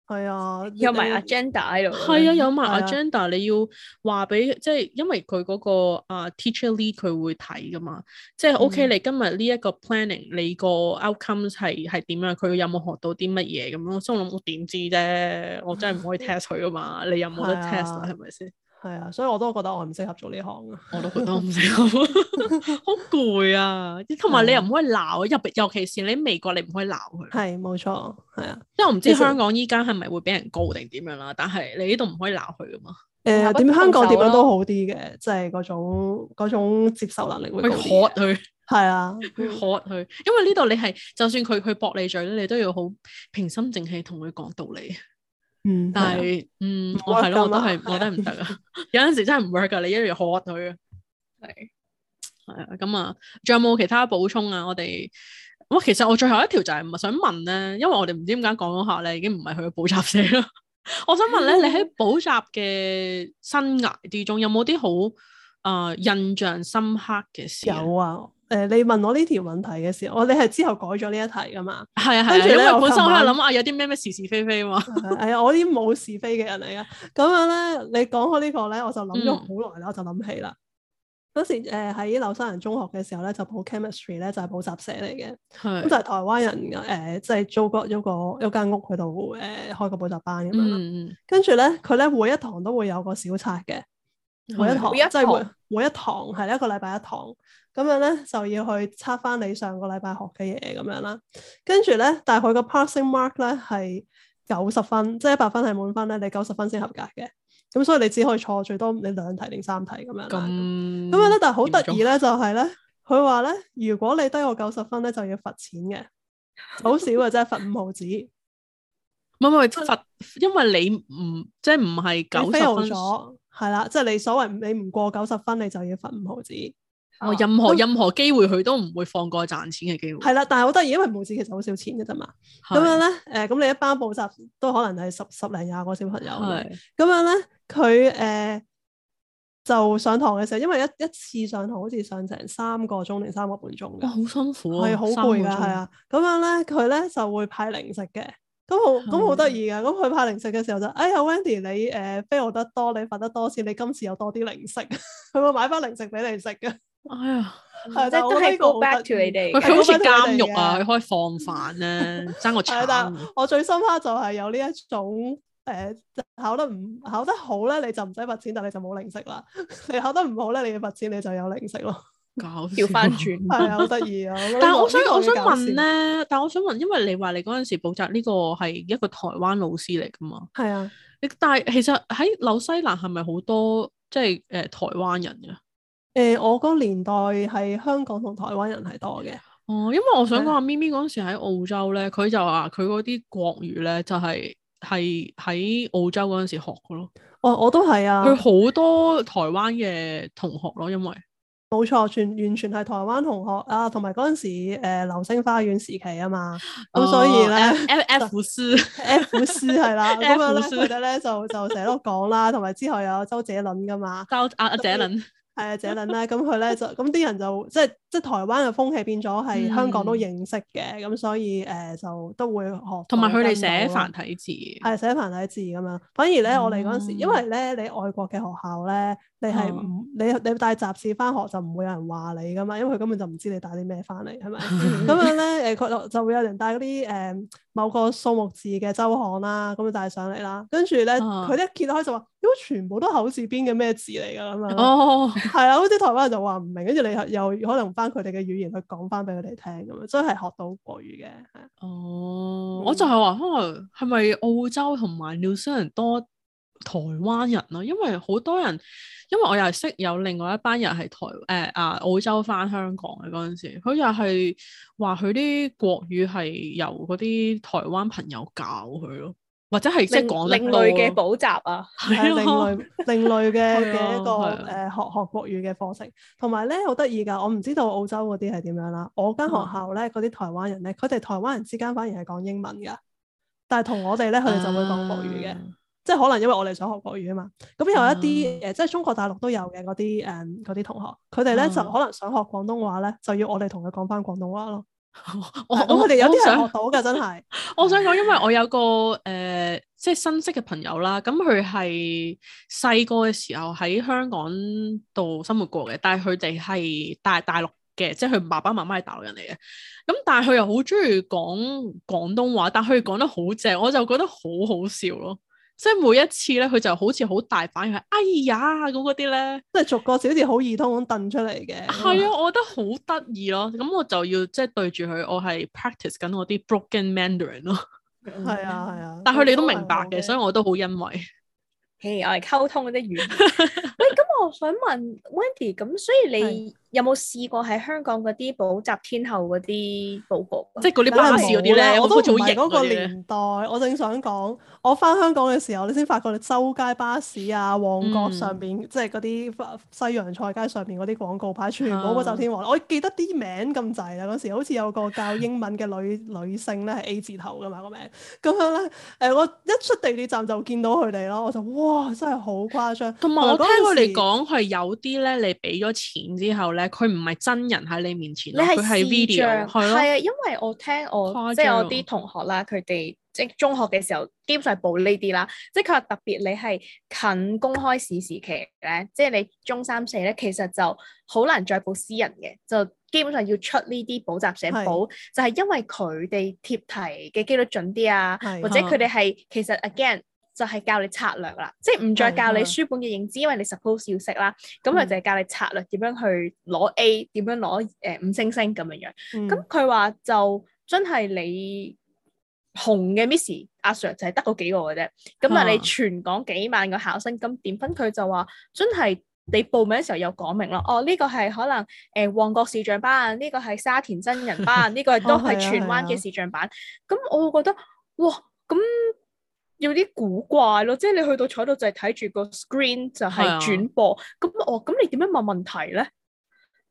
係啊，有埋 agenda 喺度。係啊，有埋 agenda。你要話俾，即係因為佢嗰個啊 teacher lead 佢會睇噶嘛。即係 OK，你今日呢一個 planning，你個 outcomes 係係點樣？佢有冇學到啲乜嘢咁咯？所以我心諗我點知啫？我真係唔可以 test 佢噶嘛。你有冇得 test 啦，係咪先？係啊，所以我都覺得我唔適合做呢行 (laughs) 啊。我都覺得唔適合，好攰啊！同埋你又唔可以鬧，入尤其是你喺美國，你唔可以鬧佢。係冇、啊、錯，係啊。因為我唔知香港依家係咪會俾人告定點樣啦，但係你呢度唔可以鬧佢噶嘛。誒點、呃、香港點樣都好啲嘅，即係嗰種接受能力會。佢喝佢係啊，佢喝佢因為呢度你係就算佢去駁你嘴咧，你都要好平心靜氣同佢講道理。嗯，但係是，嗯，我係我都係，我都唔得啊。有陣時真係唔 work 噶，你一定要學佢啊，係係啊，咁啊，仲有冇其他補充啊？我哋，我其實我最後一條就係想問咧，因為我哋唔知點解講咗下咧，已經唔係去補習社咯。 (laughs) 我想問咧，嗯、你喺補習嘅生涯之中，有冇啲好誒印象深刻嘅事？有啊。誒、呃，你問我呢條問題嘅時候，我哋係之後改咗呢一題噶嘛？係啊係，因為本身我喺度諗啊，有啲咩咩是是非非啊嘛。係啊，我啲冇是非嘅人嚟噶。咁樣咧，你講開呢個咧，我就諗咗好耐啦，嗯、我就諗起啦。嗰時誒喺流山人中學嘅時候咧，就補 chemistry 咧，就係補習社嚟嘅。係咁是就係台灣人誒，即、呃、係、就是、租過一個一間屋，佢度誒開個補習班咁樣。跟住咧，佢咧每一堂都會有個小冊嘅，每一堂即係每每一堂係一個禮拜一堂。咁樣咧就要去測翻你上個禮拜學嘅嘢咁樣啦，跟住咧，但係佢個 passing mark 咧係九十分，即係一百分係滿分咧，你九十分先合格嘅。咁所以你只可以錯最多你兩題定三題咁樣啦。咁咁更樣咧，但係好得意咧，就係咧，佢話咧，如果你低我九十分咧，就要罰錢嘅。好少嘅啫， (laughs) 罰五毫子。唔唔罰，因為你唔即係唔係九，你 fail 咗係啦，即係你所謂你唔過九十分，你就要罰五毫子。哦、任何、嗯、任何機會佢都唔會放過賺錢嘅機會。係啦，但係好得意，因為冇事其實好少錢嘅啫嘛。咁的樣咧，誒、呃，咁你一班補習都可能係十十零廿個小朋友嘅。咁的樣咧，佢誒、呃、就上堂嘅時候，因為一一次上堂好似上成三個鐘定三個半鐘嘅。好辛苦，係好攰噶，係啊。咁樣咧，佢咧就會派零食嘅。咁好咁好得意噶。咁佢的派零食嘅時候就，哎呀，Wendy 你誒 f、呃、得多，你罰得多先。你今次有多啲零食，佢 (laughs) 會買翻零食俾你食嘅。哎呀，係即係都係 back to 你哋，佢好似監獄啊，佢開 (laughs) 放飯咧、啊，爭 (laughs) 個餐、啊。但係我最深刻就係有呢一種，誒、欸，考得唔考得好咧，你就唔使罰錢，但係你就冇零食啦； (laughs) 你考得唔好咧，你要罰錢，你就有零食咯。搞，調翻轉，係啊，好 (laughs) (laughs) 得意啊！但係我想，我想問咧，但係我想問，因為你話你嗰陣時補習呢個係一個台灣老師嚟噶嘛？係啊，你但係其實喺紐西蘭係咪好多即係誒、呃、台灣人噶？誒，我嗰年代係香港同台灣人係多嘅。哦，因為我想講阿咪咪嗰陣時喺澳洲咧，佢就話佢嗰啲國語咧就係係喺澳洲嗰陣時學嘅咯。哦，我都係啊。佢好多台灣嘅同學咯，因為冇錯，全完全係台灣同學啊，同埋嗰陣時誒流星花園時期啊嘛，咁所以咧。F F4 F4 係啦，咁樣咧，佢哋咧就就成日都講啦，同埋之後有周杰倫噶嘛，周阿阿杰倫。係啊，這啦、 (laughs) 哎。咧，咁佢咧就咁啲人就即係即係台灣嘅風氣變咗係香港都認識嘅。咁、嗯嗯、所以誒、呃、就都會學。同埋佢哋寫繁體字。係寫繁體字咁樣，嗯、反而咧我哋嗰陣時，因為咧你外國嘅學校咧，你係唔、嗯、你你帶雜誌翻學就唔會有人話你噶嘛，因為佢根本就唔知你帶啲咩翻嚟，係咪？咁樣咧誒，佢就就會有人帶嗰啲誒。某個數目字嘅週刊啦，咁就帶上嚟啦。跟住咧，佢一揭開就話：如果、啊、全部都口字邊嘅咩字嚟㗎咁啊？哦，係啊！啲台灣人就話唔明，跟住你又可能翻佢哋嘅語言去講翻俾佢哋聽咁樣，真係學到國語嘅。哦，嗯、我就係話，可能係咪澳洲同埋紐西蘭多台灣人咯？因為好多人，因為我又係識有另外一班人係台誒啊、呃、澳洲翻香港嘅嗰陣時，佢又係。話佢啲國語係由嗰啲台灣朋友教佢咯，或者係即係講另類嘅補習啊，係咯，另類嘅嘅一個誒學學國語嘅課程。同埋咧，好得意噶，我唔知道澳洲嗰啲係點樣啦。我間學校咧，嗰啲台灣人咧，佢哋台灣人之間反而係講英文噶，但係同我哋咧，佢哋就會講國語嘅。啊即係可能因為我哋想學國語啊嘛，咁有一啲誒，啊、即係中國大陸都有嘅嗰啲誒啲同學，佢哋咧就可能想學廣東話咧，就要我哋同佢講返廣東話咯。我哋、啊、有啲想學到㗎，真係。我想講，想因為我有個誒、呃，即係新識嘅朋友啦，咁佢係細個嘅時候喺香港度生活過嘅，但係佢哋係大大陸嘅，即係佢爸爸媽媽係大陸人嚟嘅。咁但係佢又好鍾意講廣東話，但係佢講得好正，我就覺得好好笑咯。即係每一次咧，佢就好似好大反應，哎呀咁嗰啲咧，那個、那呢即係逐個小字好易通咁掟出嚟嘅。係啊，我覺得好得意咯。咁我就要即係對住佢，我係 practice 緊我啲 broken Mandarin 咯。係啊係啊，啊但係佢哋都明白嘅，所以我都好欣慰。誒、hey,，我係溝通嗰啲語。喂，咁我想問 Wendy，咁所以你？有冇試過喺香港嗰啲補習天后嗰啲廣告？即係嗰啲巴士嗰啲咧，呢我都仲好型嘅。年代 (laughs) 我正想講，我返香港嘅時候，你先發覺你周街巴士啊、旺角上邊，嗯、即係嗰啲西洋菜街上邊嗰啲廣告牌，全部都就天王。嗯、我記得啲名咁滯啦，嗰時好似有個教英文嘅女 (laughs) 女性咧，係 A 字頭㗎嘛個名。咁樣咧，誒，我一出地鐵站就見到佢哋咯，我就哇，真係好誇張。同埋有有我聽佢哋講係有啲咧，你俾咗錢之後咧。佢唔係真人喺你面前，你係 video，係啊，因為我聽我即係我啲同學啦，佢哋即係中學嘅時候基本上補呢啲啦，即係佢話特別你係近公開試時,時期咧，即係你中三四咧，其實就好難再補私人嘅，就基本上要出呢啲補習社補，的就係因為佢哋貼題嘅機率準啲啊，的或者佢哋係其實 again。就係教你策略啦，即係唔再教你書本嘅認知，因為你 suppose 要識啦，咁咪就係教你策略點樣去攞 A，點樣攞誒五星星咁樣樣。咁佢話就真係你紅嘅 Miss 阿 Sir 就係得嗰幾個嘅啫，咁但你全港幾萬個考生，咁點分？佢就話真係你報名時候有講明咯， (noise) 哦呢、這個係可能誒旺角視像班，呢、這個係沙田真人班，呢個都係荃灣嘅視像版。咁 (noise) (noise) 我會覺得哇咁。有啲古怪咯，即係你去到台度就係睇住個 screen 就係轉播，咁我咁你點樣問問題咧？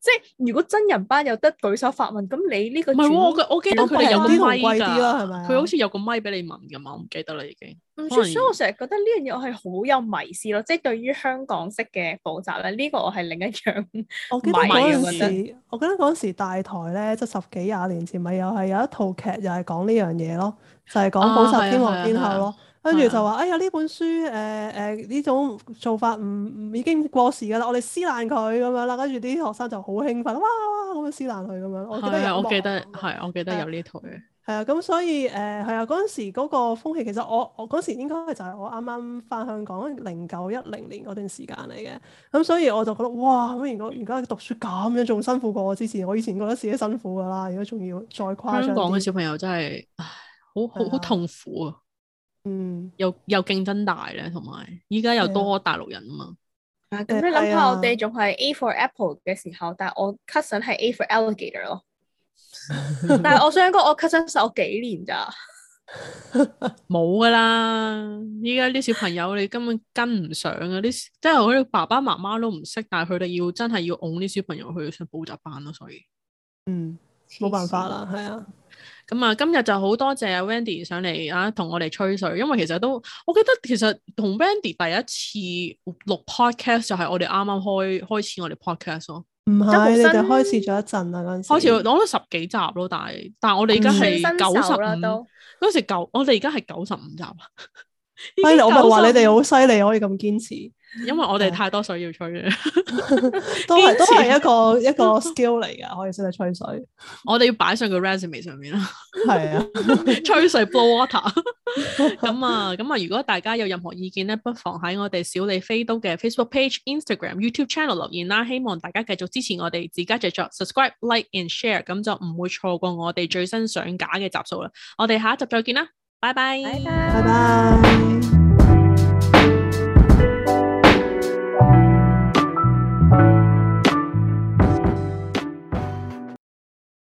即係如果真人班有得舉手發問，咁你呢個我、啊、我記得佢有個咪噶，係咪？佢好似有個咪俾、啊、你問噶嘛？我唔記得啦，已經。所以，我成日覺得呢樣嘢我係好有迷思咯，即係對於香港式嘅補習咧，呢、這個我係另一樣。我記得嗰陣時，我，我記得嗰陣時大台咧，即係十幾廿年前，咪又係有一套劇又係講呢樣嘢咯，就係講補習天王天后咯。啊跟住就話：哎呀，呢本書誒誒呢種做法唔唔已經過時㗎啦，我哋撕爛佢咁樣啦。跟住啲學生就好興奮，哇哇咁樣撕爛佢咁樣。係係，我記得係，我記得有呢套嘅。係啊，咁、嗯、所以誒係啊，嗰、嗯、陣時嗰個風氣，其實我我嗰時應該就係我啱啱翻香港零九一零年嗰段時間嚟嘅。咁所以我就覺得哇！咁而家而家讀書咁樣仲辛苦過我之前，我以前覺得自己辛苦㗎啦，如果仲要再誇張。香港嘅小朋友真係好好好，好，好，好痛苦啊！嗯，又又競爭大咧，同埋依家又多大陸人啊嘛。咁 (laughs) 你諗下，我哋仲係 A for Apple 嘅時候，但係我 cousin 係 A for Alligator 咯。 (laughs) 但係我想講，我 cousin 受幾年咋？冇噶啦，依家啲小朋友你根本跟唔上啊！啲即係我哋爸爸媽媽都唔識，但係佢哋要真係要㧬啲小朋友去上補習班咯，所以嗯，冇辦法啦，係 (laughs) 啊。咁啊，今日就好多謝阿 Wendy 上嚟啊，同我哋吹水。因為其實都，我記得其實同 Wendy 第一次錄 podcast 就係我哋啱啱開開始我哋 podcast 咯。唔係是，時你哋開始咗一陣啦嗰陣時，開始攞咗十幾集咯。但係，但係我哋而家係九十五，嗰時九，我哋而家係九十五集、 (laughs) 哎。我咪話你哋好犀利，可以咁堅持。因為我哋太多水要吹， (laughs) 都係是都係一個一個 skill 嚟㗎，可以識得吹水。 (laughs) 我哋要擺上個 resume 上面啦，係啊，吹水 blow water。咁 (laughs) (laughs) 啊，咁啊，如果大家有任何意見咧，不妨喺我哋小李飛刀嘅 Facebook page、Instagram、YouTube channel 留言啦。希望大家繼續支持我哋自家製作，subscribe、like and share，咁就唔會錯過我哋最新上架嘅集數啦。我哋下一集再見啦，拜拜，拜拜。